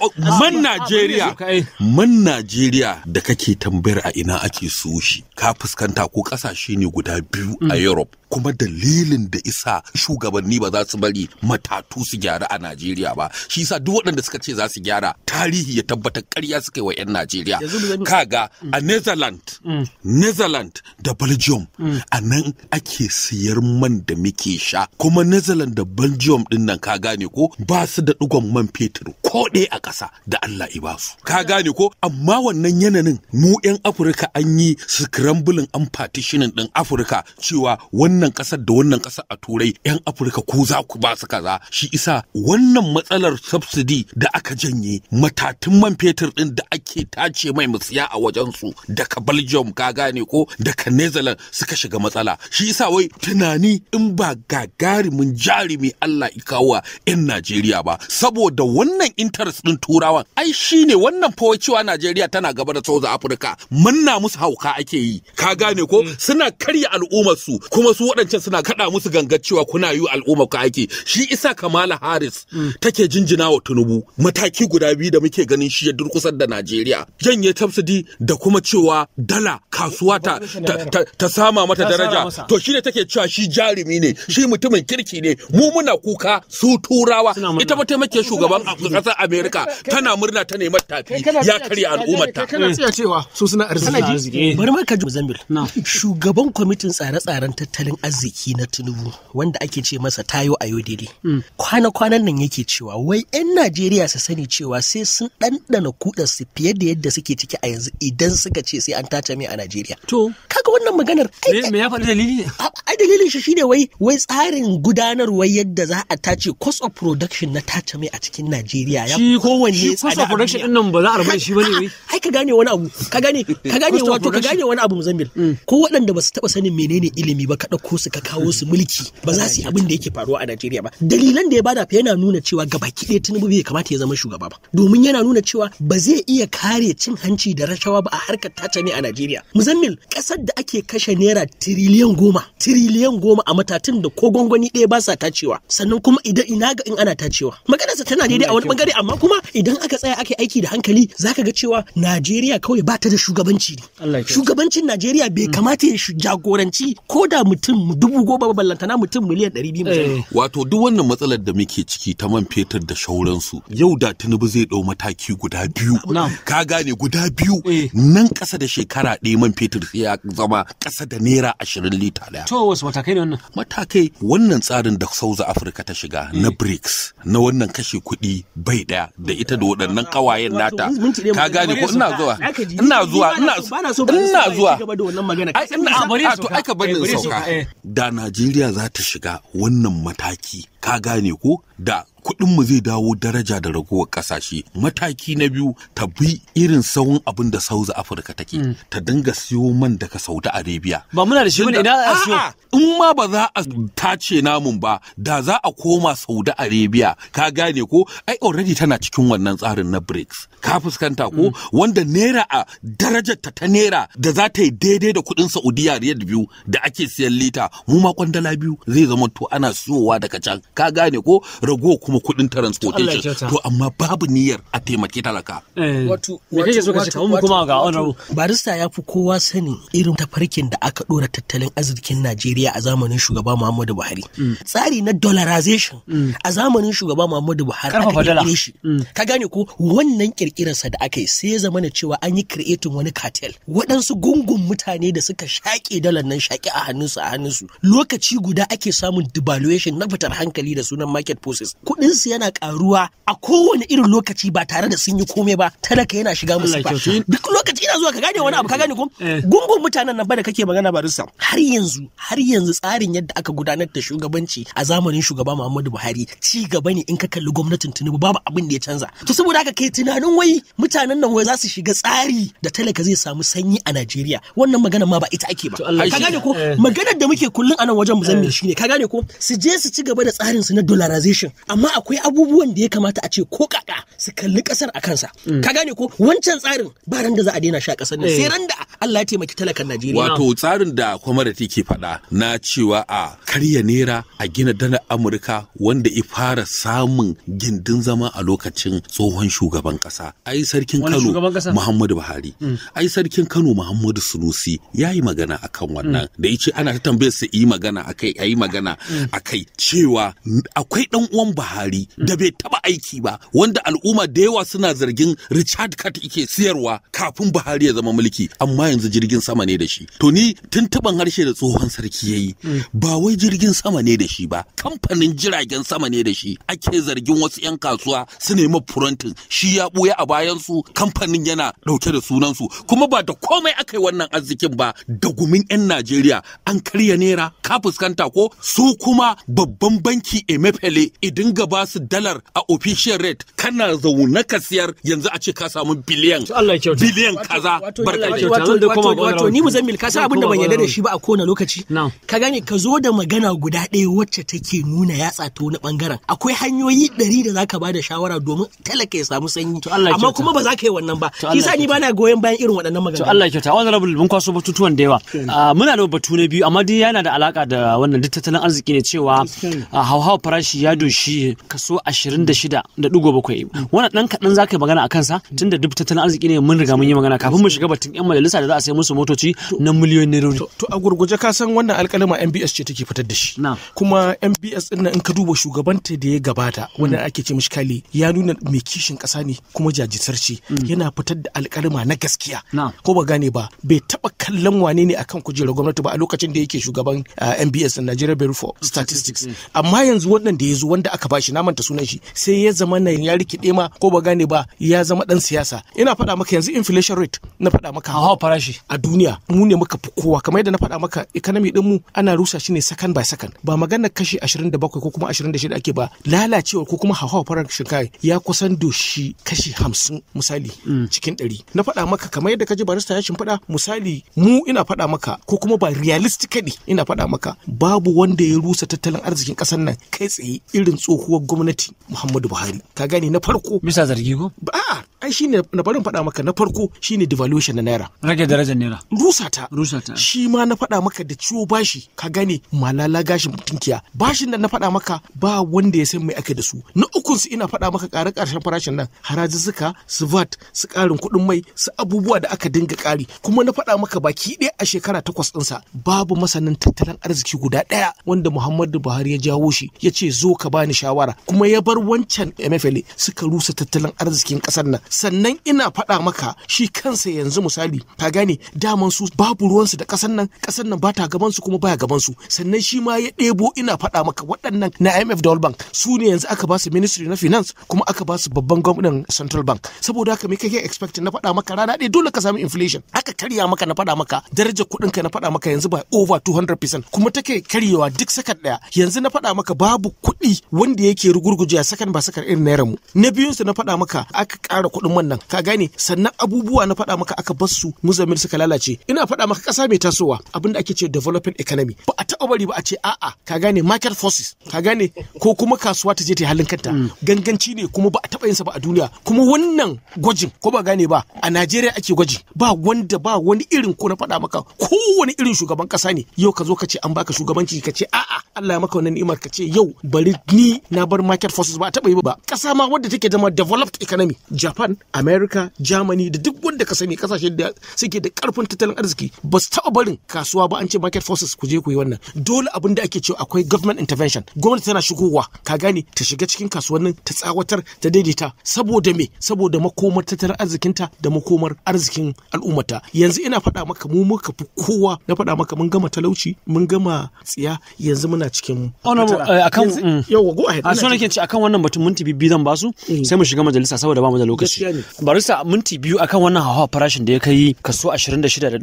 oh, man Najeriya Najeriya man Najeriya da kake tambayar a ina ake so shi ka fuskanta ko kasashe ne guda biyu a mm. Europe kuma dalilin da isa shugabanni ba za su bari matatu su gyara a Najeriya ba shi yasa duk waɗanda suka ce za su gyara tarihi ya tabbatar ƙarya suka yi wa 'yan Najeriya kaga mm. a Netherlands mm. Netherlands da Belgium mm. a nan ake siyar man da muke sha kuma Netherlands da Belgium din nan ka gane ko ba su da digon man fetur ko dai a ƙasa da Allah i su. ka gane ko amma wannan yananin mu 'yan Afirka an yi scrambling an partitioning din Afirka cewa wannan wannan ƙasar da wannan ƙasar a turai 'yan afirka ko za ku ba su kaza shi isa wannan matsalar subsidy da aka janye matatun man fetur ɗin da ake tace mai musiya a wajensu daga belgium ka gane ko daga netherlands suka shiga matsala shi isa wai tunani in ba gagarumin jarumi allah ikawa 'yan najeriya ba saboda wannan interest ɗin turawan ai shine wannan fa cewa najeriya tana gaba da sauza afirka manna musu hauka ake yi ka gane ko mm. suna karya al'ummar su kuma su waɗancan suna kaɗa musu gangar cewa kuna yi al'umma ka aiki shi isa kamala harris mm. take jinjina wa tunubu mataki guda biyu da muke ganin shi ya durkusar da najeriya janye tafsidi da kuma cewa dala kasuwa ta, ta, sama mata daraja to shi ne take cewa shi jarumi ne shi mutumin kirki ne mu muna kuka su turawa ita ba taimake shugaban ƙasar america tana murna ta neman tafi ya karya al'ummar ta kana cewa su suna arziki eh. bari ka ji mozambique shugaban kwamitin tsare-tsaren tattalin arziki na Tinubu wanda ake ce masa Tayo Ayodele. Hmm. Kwana-kwanan nan yake cewa wai 'yan Najeriya su sani cewa sai sun ɗanɗana kuɗa su fiye da yadda suke ciki a yanzu idan suka ce sai an tace mai a Najeriya. To. Kaga wannan maganar. Me ya faɗi dalili? Ai dalilin shi shine wai wai tsarin gudanarwar yadda za a tace cost of production na tace mai a cikin Najeriya ya kowanne tsada. cost of production ɗin nan ba za a rabu shi bane wai. Ai ka gane wani abu ka gane ka (laughs) gane wato ka gane wani abu Muzambil. Hmm. Ko waɗanda ba su taɓa sanin menene ilimi ba ka ɗauko ko su ka kawo su mulki ba za su yi abin da yake faruwa a Najeriya ba dalilan da ya bada fa yana nuna cewa gabaki ɗaya Tinubu bai kamata ya zama shugaba ba domin yana nuna cewa ba zai iya kare cin hanci da rashawa ba a harkar tace ne a Najeriya muzammil kasar da ake kashe naira tiriliyan goma tiriliyan goma a matatun da ko gwangwani ɗaya ba sa tacewa sannan kuma idan ina ga in ana tacewa maganarsa tana daidai a wani bangare amma kuma idan aka tsaya ake aiki da hankali zaka ga cewa Najeriya kawai ba ta da shugabanci ne shugabancin Najeriya bai kamata ya jagoranci ko da mutum mutum dubu goma na mutum miliyan ɗari biyu eh. wato duk wannan matsalar da muke ciki ta man fetur da shauransu yau da tunubu zai ɗau mataki guda biyu ka gane guda biyu eh. nan ƙasa da shekara ɗaya man fetur ya zama ƙasa da naira ashirin lita ɗaya to wasu matakai ne wannan matakai wannan tsarin da sauza afirka ta shiga eh. na brics na wannan kashe kuɗi bai ɗaya da ita da waɗannan ƙawayen nata ka gane ko ina zuwa ina zuwa ina zuwa ina zuwa zuwa. ina a to zuwa. Ina sauka da Najeriya za ta shiga wannan mataki ka gane ko da mu zai dawo daraja da ragowar ƙasashe mataki na biyu ta bi irin sauran abin da South Africa take hmm. ta dinga siyo man daga Saudi Arabia ba muna da shi bane idan a siyo in ma ba za a tace namun ba da za a koma Saudi Arabia ka gane ko ai already tana cikin wannan tsarin na BRICS ka fuskanta ko hmm. wanda naira a darajar ta ta naira da za ta yi daidai da kuɗin Saudiya riyal biyu da ake siyan lita mu ma kwandala biyu zai zama to ana siyowa daga can ka gane ko rago kuma samu kuɗin transportation to amma babu niyyar a taimaki talaka. Eh. barista ya fi kowa sani irin tafarkin da aka dora tattalin arzikin Najeriya a zamanin shugaba Muhammadu Buhari. Mm. Tsari na dollarization mm. a zamanin shugaba Muhammadu Buhari aka kirkire shi. Mm. Ka gane ko wannan kirkirarsa da aka yi sai ya zama cewa an yi creating wani cartel waɗansu gungun mutane da suka shaƙe dalar nan shaƙe a hannunsu a hannunsu lokaci guda ake samun devaluation na fitar hankali da sunan market forces kuɗinsu yana karuwa a kowane irin lokaci ba tare da sun yi komai ba talaka yana shiga musu ba duk lokaci ina zuwa ka gane wani abu ka gane ko eh, eh. gungun mutanen nan ba da kake magana ba rusa har yanzu har yanzu tsarin yadda aka gudanar da shugabanci a zamanin shugaba Muhammadu Buhari ci gaba ne in ka kalli gwamnatin Tinubu babu abin da ya canza to saboda haka kai tunanin wai mutanen nan wai za su shiga tsari da talaka zai samu sanyi a Najeriya wannan magana ma ba ita ake ba ka gane ko eh. maganar da muke kullun a nan wajen mu zamme shine ka gane ko su je su ci gaba da tsarin su na dollarization amma amma akwai abubuwan da ya kamata a ce ko kaka su kalli kasar a kansa mm. ka gane ko wancan tsarin ba ran da za a daina sha kasar nan eh. sai ran da Allah ya taimaki talakan Najeriya wato tsarin da kwamarati take faɗa na cewa a karya nera a gina dana Amurka wanda i fara samun gindin zama a lokacin tsohon shugaban kasa ai sarkin Kano Muhammadu Buhari mm. ai sarkin Kano Muhammadu Sunusi ya yi magana akan wannan mm. da yace ana ta tambayar sa yi magana akai yayi magana akai cewa akwai dan uwan Buhari Buhari da bai taba aiki ba wanda al'umma da yawa suna zargin Richard kat yake siyarwa kafin Buhari ya zama mulki amma yanzu jirgin sama ne da shi to ni tuntuban harshe da tsohon sarki yayi mm. ba wai jirgin sama ne da shi ba kamfanin jiragen sama ne da shi ake zargin wasu 'yan kasuwa su nemi furantin shi ya buya a bayan su kamfanin yana dauke da sunan su kuma ba da komai aka yi wannan arzikin ba da gumin 'yan Najeriya an karya nera ka fuskanta ko su kuma babban banki Emefele idin ga ba su dalar a official rate kana zaune ka siyar yanzu a ce ka samu biliyan biliyan kaza barkace wato ni mu zammil kasa abinda ban yarda da shi ba a kowane lokaci ka gane ka zo da magana guda ɗaya wacce take nuna yatsa ta wani bangaren akwai hanyoyi ɗari da zaka ba da shawara domin talaka ya samu sanyi amma kuma ba za ka yi wannan ba sa ni bana goyon bayan irin waɗannan magana to Allah ya kyauta wannan rabul mun kwaso batutuwan da yawa ah, muna da batu na biyu amma dai yana da alaka da wannan tattalin arziki ne cewa ah, hauhawar farashi ya doshi kaso 26.7 wannan kaɗan za ka yi magana a kansa tun da duk tattalin arziki ne mun riga mun yi magana kafin mu shiga batun yan majalisa da za a sai musu motoci na miliyoyin nerori to a gurguje ka san wannan alƙalima MBS ce take fitar da shi kuma MBS ɗin nan in ka duba shugabanta da ya gabata wanda mm. ake ce mishi kali ya nuna mai kishin ƙasa ne kuma jajirtarci mm. yana fitar da alƙalima na gaskiya ko ba gane ba bai taɓa kallon wane ne akan kujerar gwamnati ba a lokacin da yake shugaban uh, MBS Nigeria Bureau for Statistics amma yanzu wannan da ya zo wanda aka bashi shi na manta sunan shi sai ya zama na ya rikide ma ko ba gane ba ya zama dan siyasa ina faɗa maka yanzu inflation rate na faɗa maka hawa farashi a duniya mu ne muka fi kowa kamar yadda na faɗa maka economy din mu ana rusa shi ne second by second ba maganar kashi 27 ko kuma 26 ake ba lalacewa ko kuma hawa farashin kai ya kusan doshi kashi 50 misali mm. cikin 100 na faɗa maka kamar yadda kaji barista ya shimfiɗa misali mu ina faɗa maka ko kuma ba realistically ina faɗa maka babu wanda ya rusa tattalin arzikin ƙasar nan kai tsaye irin tsohuwar sabuwar gwamnati Muhammadu Buhari ka gane na farko bisa zargi ko a ai shine na barin faɗa maka na farko shine devaluation na naira rage darajar naira rusata rusata shi ma na faɗa maka da ciwo bashi ka gane malala gashin tunkiya bashin nan na faɗa maka ba wanda ya san mai ake da su na uku su ina faɗa maka ƙarar ƙarshen farashin nan suka, su vat su ƙarin kuɗin mai su abubuwa da aka dinga ƙari kuma na faɗa maka baki ɗaya a shekara takwas ɗinsa babu masanin tattalin arziki guda ɗaya wanda Muhammadu Buhari ya jawo shi ya ce zo ka bani shawara kuma ya bar wancan MFLA suka rusa tattalin arzikin kasar nan sannan ina faɗa maka shi kansa yanzu misali ka gane daman su babu ruwansu da kasar nan kasar nan ba ta gaban su kuma baya gaban su sannan shi ma ya ɗebo ina faɗa maka waɗannan na IMF da World Bank su ne yanzu aka ba su ministry na finance kuma aka ba su babban gwamnan Central Bank saboda haka me kake expect na faɗa maka rana ɗaya dole ka samu inflation aka karya maka na faɗa maka darajar kuɗin ka na faɗa maka yanzu ba over 200% kuma take karyewa duk saka ɗaya yanzu na faɗa maka babu kuɗi wanda ya yake rugurguje a sakan ba sakar irin naira mu na biyun su na faɗa maka aka kara kuɗin man nan ka gane sannan abubuwa na faɗa maka aka bar su muzammil suka lalace ina fada maka ƙasa mai tasowa da ake ce developing economy ba a taɓa bari ba a ce a'a ka gane market forces ka gane ko kuma kasuwa ta je ta halin kanta mm. ganganci ne kuma ba a taɓa yin sa ba a duniya kuma wannan gwajin ko ba gane ba a Najeriya ake gwaji ba wanda ba wani irin ko na faɗa maka kowane irin shugaban kasa ne yau ka zo ka ce an baka shugabanci ka ce a'a Allah ya maka wannan ni'imar ka ce yau bari ni na bar market forces ba a taba yi ba kasa ma wadda take zama developed economy japan america germany da duk wanda ka sani kasashen da suke da karfin tattalin arziki ba su taɓa barin kasuwa ba an ce market forces ku je ku yi wannan dole abin da ake cewa akwai government intervention gwamnati tana shigowa ka gane ta shiga cikin kasuwannin ta tsawatar ta daidaita saboda me saboda makomar tattalin arzikinta da makomar arzikin al'ummata yanzu ina faɗa maka mu muka fi kowa na faɗa maka mun gama talauci mun gama tsiya yanzu muna cikin eh, akan mm. go ahead a shi ke ci akan wannan batun minti biyu zan basu mm. sai mu shiga majalisa saboda ba mu da lokaci barista minti biyu akan wannan hawa farashin da ya kai kaso 26.7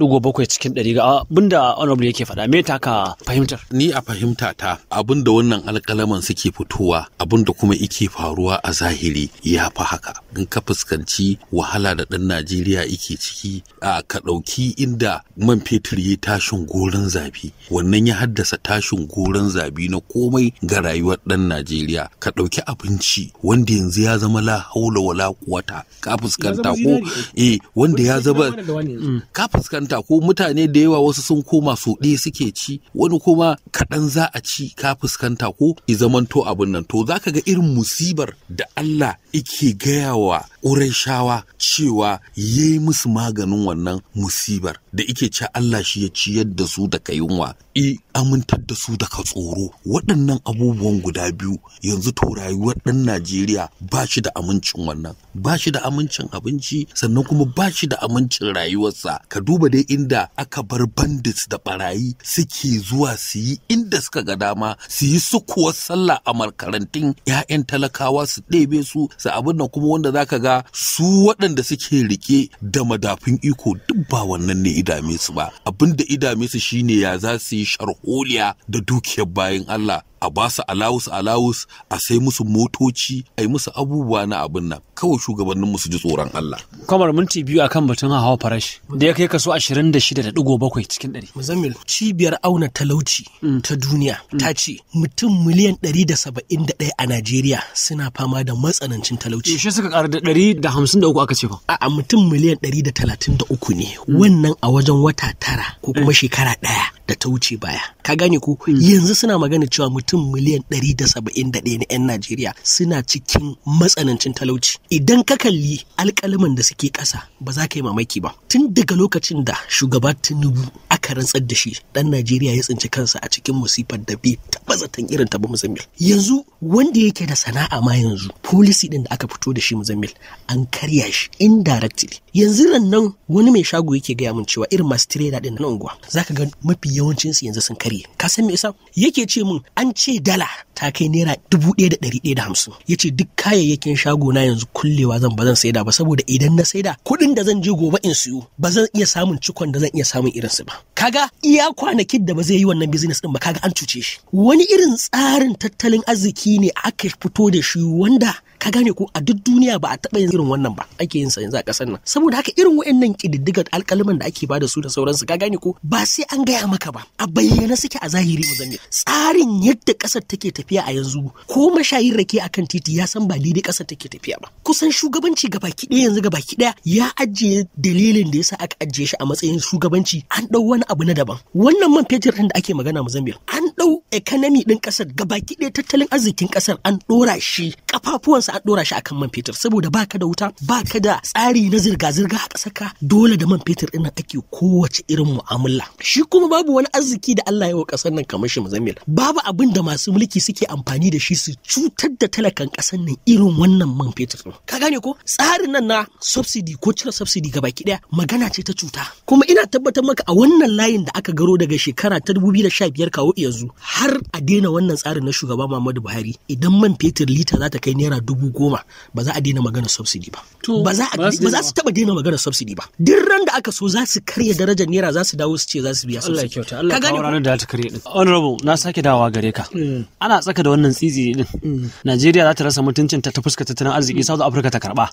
cikin 100 ga ah, abinda honorable yake faɗa me ta ka fahimtar ni a fahimta ta abinda wannan alƙalaman suke fitowa da kuma yake faruwa a zahiri ya fa haka in ka fuskanci wahala da ɗan Najeriya yake ciki a ka ɗauki inda man fetur ya tashin goron zabi wannan ya haddasa tashin goron zabi na komai ga rayuwar ɗan Najeriya Najeriya ka ɗauki abinci wanda yanzu ya zama la haula wala kuwata ka fuskanta ko eh wanda ya zama mm. ka fuskanta ko mutane da yawa wasu sun koma so ɗaya suke ci wani kuma kaɗan za a ci ka fuskanta ko i zamanto abin nan to zaka ga irin musibar da Allah ike gaya wa shawa cewa ya yi musu maganin wannan musibar da ike ci Allah shi ya ciyar da su daga yunwa i e, amintar da su daga tsoro waɗannan abubuwan guda biyu yanzu to rayuwar ɗan Najeriya ba shi da amincin wannan ba shi da amincin abinci sannan kuma ba shi da amincin rayuwarsa ka duba dai inda aka bar bandits da barayi suke zuwa su yi inda suka ga dama su yi sukuwar sallah a makarantun. 'ya'yan talakawa su ɗebe su sa abin nan kuma wanda zaka ga su waɗanda suke rike da madafin iko duk ba wannan ne idame su ba abin da idame su shine ya za su yi sharholiya da dukiyar bayan Allah a ba su alawus alawus a sai musu motoci a yi musu abubuwa na abin nan kawai shugabannin musu ji tsoron Allah. Kamar minti biyu akan batun hawa farashi da ya kai kaso 26.7 cikin 100. Muzammil cibiyar auna talauci mm. ta duniya mm. ta ce mutum miliyan 171 a Najeriya suna fama da matsanancin talauci. Yaushe suka ƙara da 153 aka ce ba. A'a mutum miliyan 133 ne wannan a wajen wata tara ko kuma eh. shekara ɗaya. da ta wuce baya ka gane ku hmm. yanzu suna magana cewa mutum miliyan da da saba'in 171 na 'yan Najeriya suna cikin matsanancin talauci idan ka kalli alkalaman da suke ƙasa ba za ka yi mamaki ba tun daga lokacin da shugaba Tinubu aka rantsar da shi ɗan Najeriya ya tsinci kansa a cikin musifar da bai taɓa zaton irin ta ba Muzammil yanzu wanda yake da sana'a ma yanzu policy din da aka fito da shi Muzammil an karya shi indirectly yanzu nan wani mai shago yake gaya min cewa irin masu tireda din na unguwa zaka ga mafi yawancin su yanzu sun kare ka san me yasa yake ce min an ce dala ta kai naira dubu ɗaya da ɗari ɗaya da hamsin yace duk kayayyakin shago na yanzu kullewa zan ba zan saida ba saboda idan na saida kuɗin da zan je gobe in siyo ba zan iya samun cikon da zan iya samun irin su ba kaga iya kwanakin da ba zai yi wannan business din ba kaga an cuce shi wani irin tsarin tattalin arziki ne aka fito da shi wanda ka gane ko a duk duniya ba a taɓa yin irin wannan ba ake yin sa yanzu a ƙasar nan saboda haka irin wayannan ƙididdigar alƙalman da ake da su da sauransu ka gane ko ba sai an gaya maka ba a bayyana suke a zahiri muzammil tsarin yadda ƙasar take tafiya a yanzu ko mashayin rake akan titi ya san ba daidai ƙasar take tafiya ba kusan shugabanci gaba ɗaya yanzu gaba ɗaya ya ajiye dalilin da yasa aka ajiye shi a matsayin shugabanci an ɗau wani abu na daban wannan man fetur ɗin da ake magana mu an ɗau economy ɗin ƙasar gabaki ɗaya tattalin arzikin kasar an ɗora shi kafafuwansa an ɗora shi akan man fetur saboda baka da wuta baka da tsari na zirga-zirga a ƙasar dole da man fetur ɗin ake kowace irin mu'amala shi kuma babu wani arziki da Allah ya wa ƙasar nan kamar shi muzammil babu abin da masu mulki suke amfani da shi su cutar da talakan ƙasar nan irin wannan man fetur ɗin ka gane ko tsarin nan na subsidy ko cire subsidy gabaki ɗaya magana ce ta cuta kuma ina tabbatar maka a wannan layin da aka garo daga shekara ta 2015 kawo yanzu yanzu har a daina wannan tsarin na shugaba Muhammadu Buhari idan man fetur lita za ta kai naira dubu goma ba za a daina magana subsidy ba. Ba za su taba daina magana subsidy ba. Duk ran da aka so za su karya darajar naira za su dawo su ce za su biya subsidy. Allah ya kyauta Allah ya kawo ranar da ta karya din. Honorable na sake dawowa gare ka. Mm. Ana tsaka da wannan tsitsi din. Mm. Najeriya za ta rasa mutuncin ta ta fuska tattalin arziki mm. South Africa ta karba.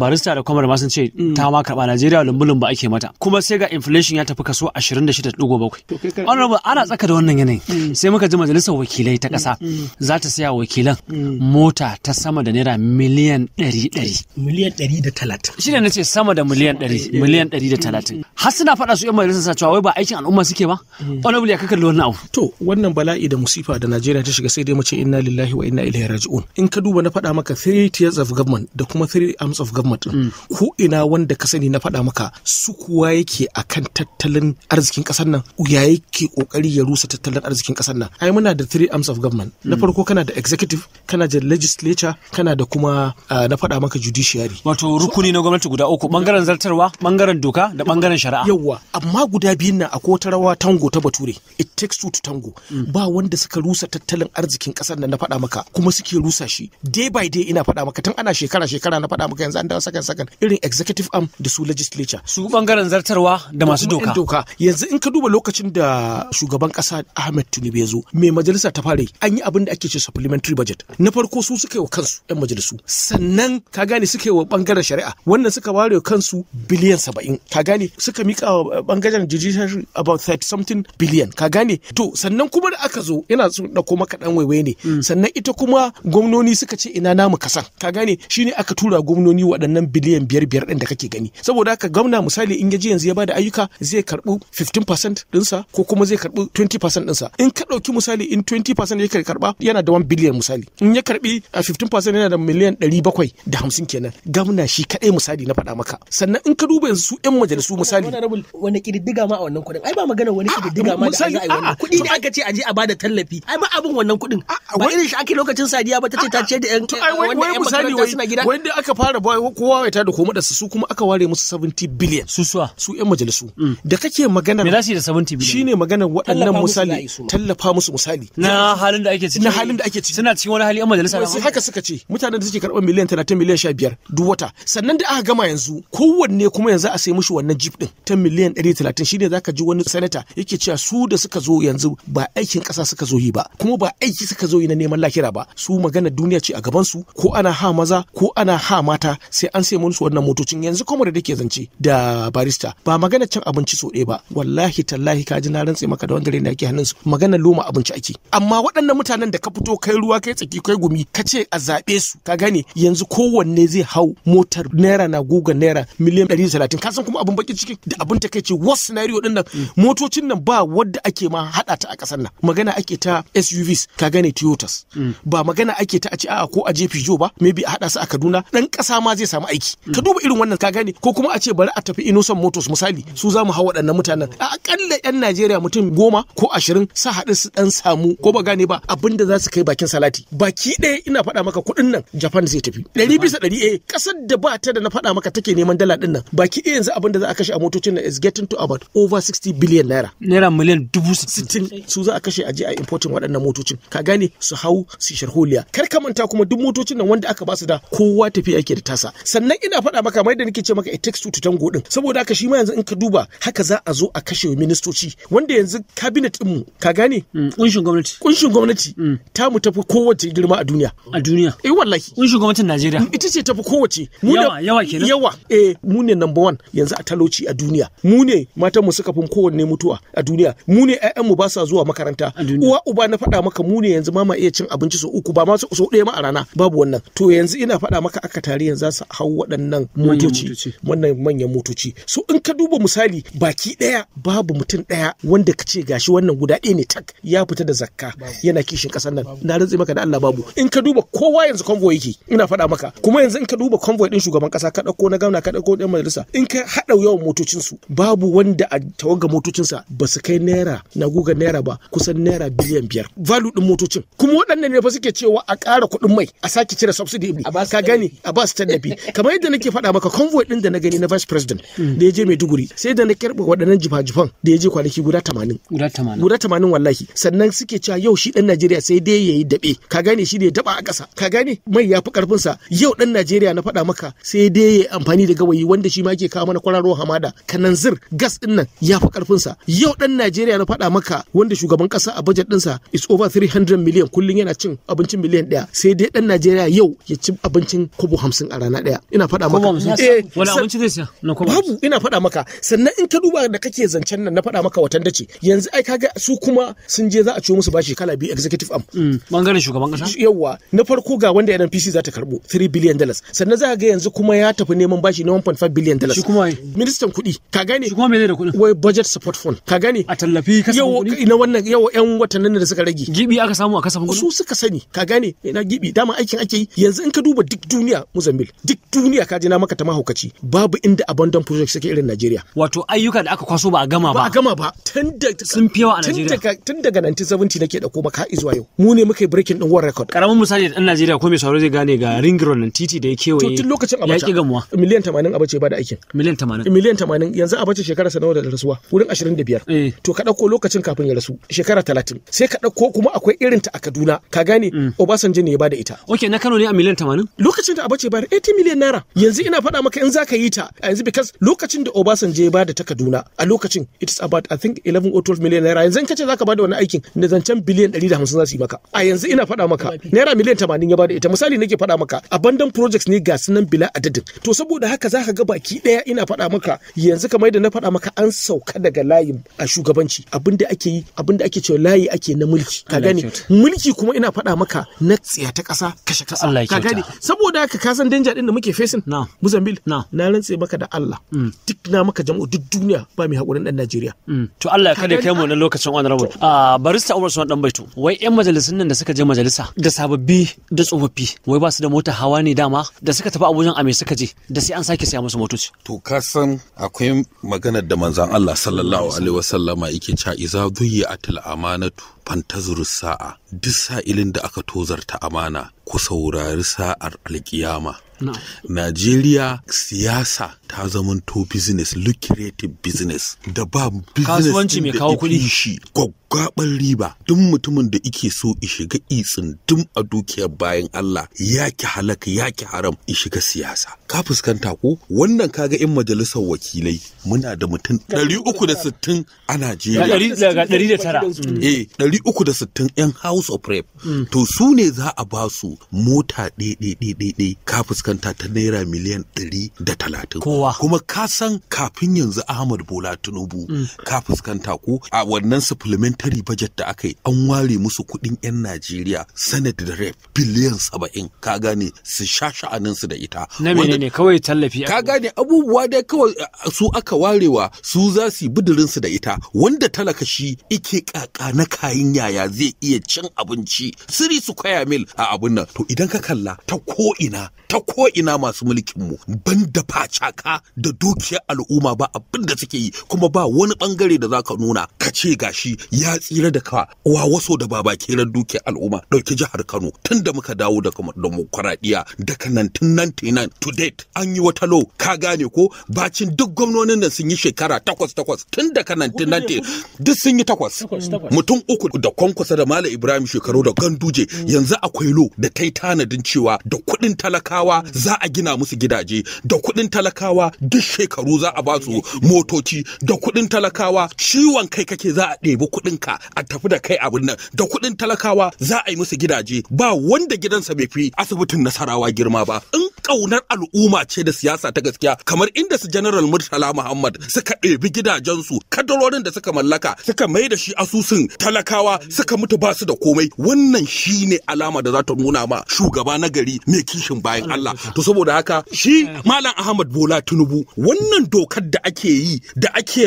Barista da kwamar ma sun ce ta ma karba Najeriya ba ake mata. Kuma sai ga inflation ya tafi kaso 26.7. Honorable ana tsaka da wannan yanayin. sai muka ji majalisar wakilai ta ƙasa mm, mm. za ta siya wakilan mm. mota ta sama da naira miliyan ɗari ɗari miliyan ɗari da talatin shi ne na ce sama da miliyan ɗari miliyan ɗari da talatin har suna faɗa su yan majalisar cewa wai ba aikin al'umma suke ba wuli ya da wannan abu to wannan bala'i da musifa da najeriya ta shiga sai dai mu ce inna lillahi wa inna ilaihi raji'un in ka duba na faɗa maka three tiers of government da kuma three arms of government ko ina wanda ka sani na faɗa maka su kuwa yake akan tattalin arzikin ƙasar nan ya yake ƙoƙari ya rusa tattalin arzikin cikin kasar nan ai muna da three arms of government na hmm. farko kana da executive kana da legislature kana da kuma ah, na faɗa maka judiciary wato rukuni na gwamnati guda uku bangaren zartarwa bangaren doka da bangaren shari'a yawa amma guda biyun nan akwai wata rawa tango ta bature it takes two to tango hmm. ba wanda suka rusa tattalin arzikin kasar nan na faɗa maka kuma suke rusa shi day by day ina faɗa maka tun ana shekara shekara na faɗa maka yanzu an dawo sakan sakan irin executive arm da su legislature su bangaren zartarwa da masu doka doka yanzu in ka duba lokacin da shugaban kasa Ahmed ne ya zo me majalisa ta fara an yi abin da ake ce supplementary budget na farko su suka yi wa kansu yan majalisu sannan ka gane suka yi wa bangaren shari'a wannan suka ware kansu biliyan saba'in ka gane suka mika wa bangaren judiciary about 30 something billion ka gane to sannan kuma da aka zo yana so da kaɗan kaɗan waiwai ne hmm. sannan ita kuma gwamnoni suka ce ina namu kasan ka gane ne aka tura gwamnoni waɗannan biliyan biyar biyar ɗin da kake gani saboda haka gwamna misali in ya je yanzu ya bada ayyuka zai karbi 15% ɗinsa ko kuma zai karbi 20% ɗinsa. in ka ɗauki misali in 20% ya karɓa yana da 1 biliyan misali in ya karɓi a uh, 15% yana da miliyan 750 kenan gamna shi kaɗai misali na faɗa maka sannan in ka duba yanzu su 'yan majalisu misali wani ƙididdiga ma a wannan kuɗin ai ba magana wani ƙididdiga ma da ai a wannan kuɗi ne aka ce a je a bada tallafi ai ma abin wannan kuɗin ba irin shi ake lokacin sadiya ba ta ce ta ce da 'yan makaranta suna gida wanda aka fara kowa ya tada koma da su kuma aka ware musu 70 biliyan su su 'yan majalisu mm. da kake magana me za su yi da 70 biliyan shine maganar waɗannan misali tallafa musu misali na halin da ake ciki na halin da ake ciki suna cikin wani hali a majalisa sai haka suka ce mutanen da suke karɓar miliyan 30 miliyan 15 duk wata sannan da aka gama yanzu kowanne kuma yanzu a sai mushi wannan jeep din ta miliyan 130 shine zaka ji wani sanata yake cewa su da suka zo yanzu ba aikin ƙasa suka zo yi ba kuma ba aiki suka zo yi na neman lahira ba su magana duniya ce a gaban su ko ana ha maza ko ana ha mata sai an sai musu wannan motocin yanzu kuma da dake zance da barista ba magana cin abinci so ɗaya ba wallahi tallahi ka ji na rantse maka da wanda rai yake hannun maganar loma abinci ake amma waɗannan mutanen da ka fito kai ruwa kai tsaki kai gumi ka ce a zaɓe su ka gane yanzu kowanne zai hau motar naira na guga naira miliyan ɗari talatin ka san kuma abin baki ciki da abin ta kai ce wasu sinariyo ɗin nan mm. motocin nan ba wadda ake ma haɗa ta a ƙasar nan magana ake ta SUVs ka gane Toyotas mm. ba magana ake ta a ce a'a ko a je Peugeot ba maybe a haɗa su a Kaduna ɗan ƙasa ma zai samu aiki ka mm. duba irin wannan ka gane ko kuma a ce bari a tafi Innocent Motors misali su za mu hau waɗannan mutanen a akalla 'yan Najeriya mutum goma ko ashirin sa haɗu su ɗan samu ko ba gane ba abin da za su kai bakin salati baki ɗaya ina faɗa maka kuɗin nan Japan zai tafi ɗari bisa ɗari eh ƙasar da ba ta da na faɗa maka take neman dala ɗin nan baki ɗaya yanzu abin da za a kashe a motocin nan is getting to about over 60 billion naira naira miliyan dubu sittin su za a kashe a je a importin waɗannan motocin ka gane su hau su sharholiya kar ka manta kuma duk motocin nan wanda aka ba su da kowa tafi ake da tasa sannan ina faɗa maka mai da nake ce maka it takes to tango din saboda haka shi ma yanzu in ka duba haka za a zo a kashe ministoci wanda yanzu cabinet ɗinmu ka gane doka ne mm. kunshin gwamnati kunshin gwamnati mm. ta mu tafi kowace girma a duniya a duniya eh wallahi kunshin gwamnatin Najeriya mm, ita ce tafi kowace yawa yawa kenan yawa eh mu ne number one yanzu a talauci a duniya mu ne matan mu suka fi kowanne mutuwa a duniya mu ne ƴaƴan mu ba sa zuwa makaranta uwa uba na faɗa maka mu ne yanzu ma ma iya cin abinci sau uku ba ma sau ɗaya ma a rana babu wannan to yanzu ina faɗa maka aka tare yanzu za su hau waɗannan motoci wannan manyan motoci so in ka duba misali baki ɗaya babu mutum ɗaya wanda ka ce gashi wannan guda ɗaya ne tak ya fita da zakka yana kishin kasar nan na rantsi maka da Allah babu in ka duba kowa yanzu convoy yake ina faɗa maka kuma yanzu in ka duba convoy din shugaban kasa ka dauko na gwamna ka dauko din majalisa in ka haɗa yawan motocin su babu wanda a tawaga motocin sa ba su kai naira na guga naira ba kusan naira biliyan biyar value din motocin kuma waɗannan ne fa suke cewa a ƙara kuɗin mai a sake cire subsidy ne ka gani a ba su tallafi kamar yadda nake faɗa maka convoy din da na gani na vice president hmm. da ya je duguri sai da na kirɓa waɗannan jifa-jifan da ya je kwanaki guda 80 guda 80 guda 80 wallahi sannan suke cewa yau shi dan Najeriya sai dai yayi dabe ka gane shi ne daba a ƙasa ka gane mai yafi karfin sa yau dan Najeriya na faɗa maka sai dai yayi amfani da gawayi wanda shi ma yake kawo mana kwararo hamada kananzir gas din nan yafi karfin sa yau dan Najeriya na faɗa maka wanda shugaban ƙasa a budget din sa is over 300 million kullun yana cin abincin miliyan ɗaya sai dai dan Najeriya yau ya ci abincin kobo 50 a rana ɗaya ina faɗa maka eh, wala abinci zai siya na kobo babu ina faɗa maka sannan in ka duba da kake zancen nan na faɗa maka watan dace yanzu ai kaga su kuma ma sun je za a ciwo musu bashi kala biyu executive arm mm. bangaren shugaban kasa Yawwa, na farko ga wanda NPC za ta karbo 3 billion dollars sannan za ka ga yanzu kuma ya tafi neman bashi na 1.5 billion dollars shi kuma ministan kuɗi ka gane shi kuma me da kuɗin wai budget support fund ka gane a tallafi kasafin kuɗi na wannan yawa yan watannin da suka rage gibi aka samu a kasafin kuɗi su suka sani ka gane Ina gibi dama aikin ake yi yanzu in ka duba duk duniya muzambil duk duniya ka je na maka ta mahaukaci babu inda abandon project suke irin Najeriya wato ayyuka da aka kwaso ba a gama ba ba a gama ba tun da sun fiyawa a Najeriya tun daga 1970 nake da dauko ka'i zuwa yau mu ne muka yi breaking din world record karamin misali dan Najeriya ko mai sauraro zai gane ga ring road nan titi da ya kewaye tun lokacin abacha ya gamuwa miliyan 80 abace ba da aikin miliyan 80 miliyan 80 yanzu abace shekara sanawa da rasuwa wurin 25 eh. to ka dauko lokacin kafin ya rasu shekara 30 sai ka dauko kuma akwai irin ta a Kaduna ka gane mm. Obasanjo ne ya bada ita okay na Kano ne a miliyan 80 lokacin da abace ba da 80 miliyan naira yanzu ina faɗa maka in zaka yi ta yanzu because lokacin da Obasanjo ya bada ta Kaduna a lokacin it's about i think 11 or 12 million naira yanzu kace zaka ka bada wani aikin da zancen biliyan 150 za su yi maka a yanzu ina faɗa maka naira miliyan 80 ya bada ita misali nake faɗa maka abandon projects ne ga sunan bila adadin to saboda haka zaka ga baki daya ina faɗa maka yanzu kamar da na faɗa maka an sauka daga layin a shugabanci abin da ake yi abin da ake cewa layi ake na mulki ka gani mulki kuma ina faɗa maka na tsiya ta ƙasa kashe ƙasa ka gane saboda haka ka san danger din da muke facing na muzambil na rantse maka da Allah mm. duk na maka jama'u duk duniya ba mai hakurin dan Najeriya mm. to Allah ya kada kai mu na lokacin honorable a barista Umar suna dan baito wai yan majalisun nan da suka je majalisa da sababbi da tsofaffi wai ba su da mota hawa ne dama da suka tafi Abuja a me suka je da sai an sake saya musu motoci to ka san akwai maganar da manzon Allah sallallahu alaihi wasallama yake cha iza duyi atil amanatu fantazuru sa'a duk sa'ilin da aka tozarta amana ku saurari sa'ar alƙiyama. Najeriya siyasa ta zamanto business lucrative business da ba business mai da kuɗi shi gwaggwaban riba duk mutumin da ike so i shiga itsin dum a dukiyar bayan Allah yaki halaka yaki haram i shiga siyasa ka fuskanta ko wannan kaga in majalisar wakilai muna da mutum 360 a Najeriya 360 'yan house of rep mm. to su ne za a ba su mota ɗaiɗaiɗaiɗai ka fuskanta ta naira miliyan 130 kowa kuma ka san kafin yanzu ahmad bola tinubu mm. ka fuskanta ko a wannan supplementary budget da aka yi an ware musu kuɗin 'yan najeriya senate da rep biliyan 70 ka gane su sha su da ita na menene kawai tallafi ka gane abubuwa dai kawai su aka warewa su za su yi su da ita wanda talaka shi ike kaka na kayi tunanin yaya zai iya cin abinci siri su kwaya mil a abin nan to idan ka kalla ta ko ina ta ko ina masu mulkin mu ban da facaka da dukiyar al'umma ba abin da suke yi kuma ba wani bangare da zaka nuna ka ce gashi ya tsira da ka wa waso da baba kiran dukiyar al'umma dauki jihar Kano tunda muka dawo daga demokradiya daga 1999 to date an yi wata ka gane ko bacin duk gwamnonin nan sun yi shekara takwas takwas tun daga 1990 duk sun yi takwas mutum uku da kwankwasa da Malam Ibrahim shekaru da Ganduje mm. yanzu akwai lo da ta yi tanadin cewa da kuɗin talakawa mm. za a gina musu gidaje da kuɗin talakawa duk shekaru za a ba su motoci da kuɗin talakawa ciwon kai kake za a ɗebi kuɗin ka a tafi da kai abin nan da kuɗin talakawa za a yi musu gidaje ba wanda gidansa bai fi asibitin nasarawa girma ba in ƙaunar al'umma ce da siyasa ta gaskiya kamar inda su General Murtala Muhammad suka ɗebi gidajensu kadarorin da suka mallaka suka mai da shi asusun talakawa talakawa suka mutu ba su da komai wannan shine alama da za ta nuna ma shugaba na gari mai kishin bayan Allah to saboda haka shi malam Ahmad Bola Tinubu wannan dokar da ake yi da ake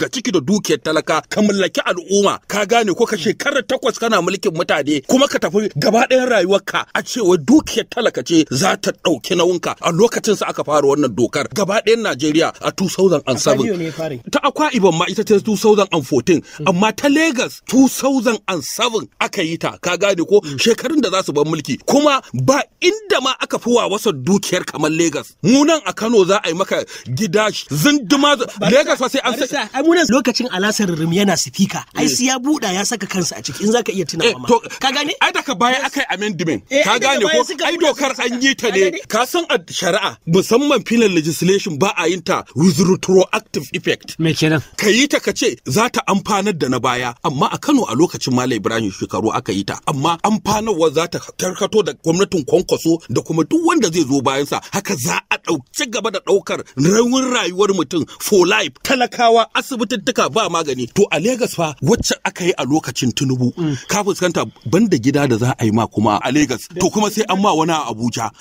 da ciki da dukiyar talaka ka mallaki al'umma ka gane ko ka shekara takwas kana mulkin mutane kuma ka tafi gaba ɗayan rayuwarka a cewa dukiyar talaka ce za ta ɗauki nauyinka a lokacin sa aka fara wannan dokar gaba ɗayan Najeriya a 2007 ta akwa iban ma ita ce 2014 amma ta Lagos 2000 2007 aka yi ta ka gane ko mm. shekarun da za su ban mulki kuma ba inda ma aka fi wa wasu dukiyar kamar Lagos mu nan a Kano za a yi maka gida zinduma Lagos fa sai an sai ai mu nan lokacin Alasar Rim yana sifika ai eh. sai ya buda ya saka kansa a ciki in zaka iya tunawa eh, ma ka gane ai daga baya aka yi amendment eh, ka gane ko ai dokar an yi ta ne ka san a shari'a musamman filin legislation ba a yin ta with retroactive effect me kenan kai ta kace za ta amfanar da na baya amma a Kano a lokacin Malam Ibrahim shekaru aka yi ta amma an amfanarwa za ta karkato da gwamnatin kwankwaso da kuma duk wanda zai zo bayan sa haka za a ɗauki gaba da ɗaukar rawun rayuwar mutum for life talakawa asibitittuka ba magani to a Legas fa wacce aka yi a lokacin Tinubu mm. ka fuskanta banda gida da za a yi ma kuma a Legas to kuma sai an ma wani a Abuja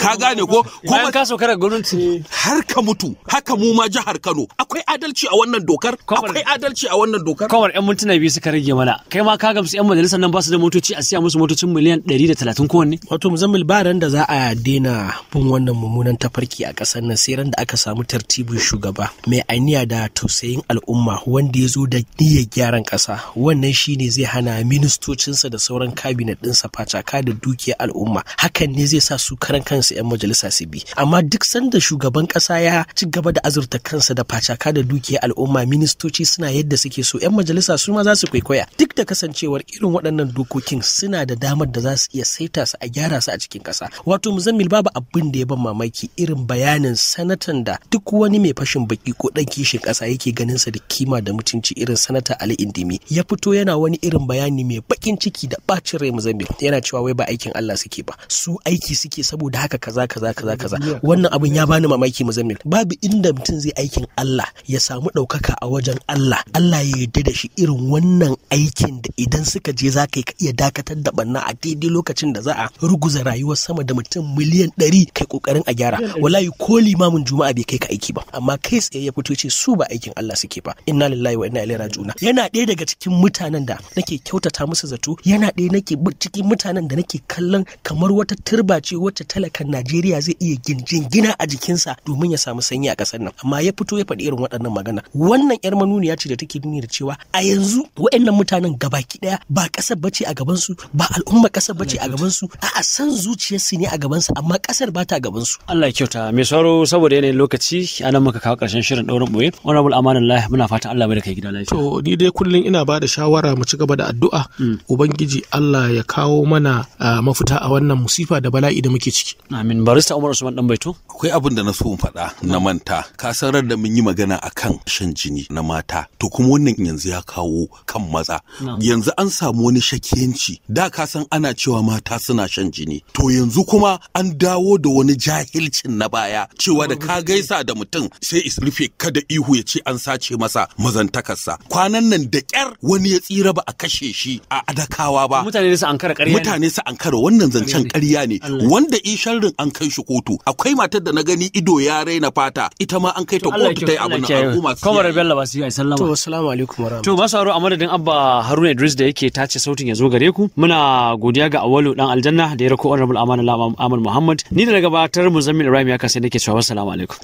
ka gane ko kuma ka so daga gwamnati eh. har ka mutu haka mu ma jihar Kano akwai adalci a wannan dokar akwai adalci a wannan dokar kawar yan mintuna biyu suka rage mana kai ma ka gamsu yan majalisar nan ba su da motoci a siya musu motocin miliyan 130 kowanne wato muzammil ba ran da za a daina bin wannan mummunan tafarki a ƙasar nan sai ran da aka samu tartibin shugaba mai aniya da tausayin al'umma wanda ya zo da niyyar gyaran ƙasa wannan shine zai hana ministocinsa da sauran kabinet ɗinsa facaka da dukiyar al'umma hakan ne zai sa su karan kansu yan majalisa su bi amma duk sanda shugaban ƙasa ya ci gaba da azurta kansa da facaka da dukiyar al'umma ministoci suna yadda suke so yan majalisa su ma za su kwaikwaya duk duk da kasancewar irin waɗannan dokokin suna da damar da za su iya saita su a gyara su a cikin ƙasa wato muzammil babu abin da ya ban mamaki irin bayanin sanatan da duk wani mai fashin baki ko ɗan kishin ƙasa yake ganin sa da kima da mutunci irin sanata ali indimi ya fito yana wani irin bayani mai bakin ciki da bacin rai muzammil yana cewa wai ba aikin allah suke ba su aiki suke saboda haka kaza kaza kaza kaza wannan abin ya bani mamaki muzammil babu inda mutum zai aikin allah ya samu ɗaukaka a wajen allah allah ya yarda da shi irin wannan aiki aikin da idan suka je za ka iya dakatar da banna a daidai lokacin da za a ruguza rayuwar sama da mutum miliyan ɗari kai kokarin a gyara wallahi ko limamin juma'a bai kai ka aiki ba amma kai tsaye ya fito ce su ba aikin Allah suke ba inna lillahi wa inna ilaihi raji'un yana ɗaya daga cikin mutanen da nake kyautata musu zato yana ɗaya nake cikin mutanen da nake kallon kamar wata turba ce wacce talakan Najeriya zai iya ginjin gina a jikinsa domin ya samu sanyi a ƙasar nan amma ya fito ya faɗi irin waɗannan magana wannan yar manuniya ce da take nuni da cewa a yanzu waɗannan mutanen tsarin gabaki daya ba kasar bace a gaban su ba al'umma kasar bace a gaban su a san zuciyar su ne a gaban su amma kasar ba ta gaban su Allah ya kyauta mai sauro saboda yanayin lokaci anan muka kawo karshen shirin daurin boye honorable amanullahi muna fatan Allah bai da kai gida lafiya to ni dai kullun ina ba da shawara mu ci gaba da addu'a hmm. ubangiji Allah ya kawo mana mafita a wannan musifa da bala'i da muke ciki amin barista Umar Usman dan Baito akwai abin da na so in faɗa na manta ka sanar da mun yi magana akan shan jini na mata to kuma wannan yanzu ya kawo kan maza yanzu an samu wani shakiyanci da ka san ana cewa mata suna shan jini to yanzu kuma an dawo da wani jahilcin na baya cewa da ka gaisa da mutum sai is rufe kada ihu ya ce an sace masa mazantakarsa kwanan nan da kyar wani ya tsira ba a kashe shi a adakawa ba mutane su an kara ƙarya mutane su an kara wannan zancen ƙarya ne wanda in sharrin an kai shi kotu akwai matar da na gani ido ya raina fata ita ma an kai ta kotu ta yi abin al'umma to assalamu alaikum to masu a madadin abba Haruna Idris da yake tace sautin ya zo gare ku muna godiya ga Awalu dan Aljanna da ya rako Honorable Amana aman Muhammad ni da gabatar Muzammin Ibrahim ya kasance nake cewa assalamu alaikum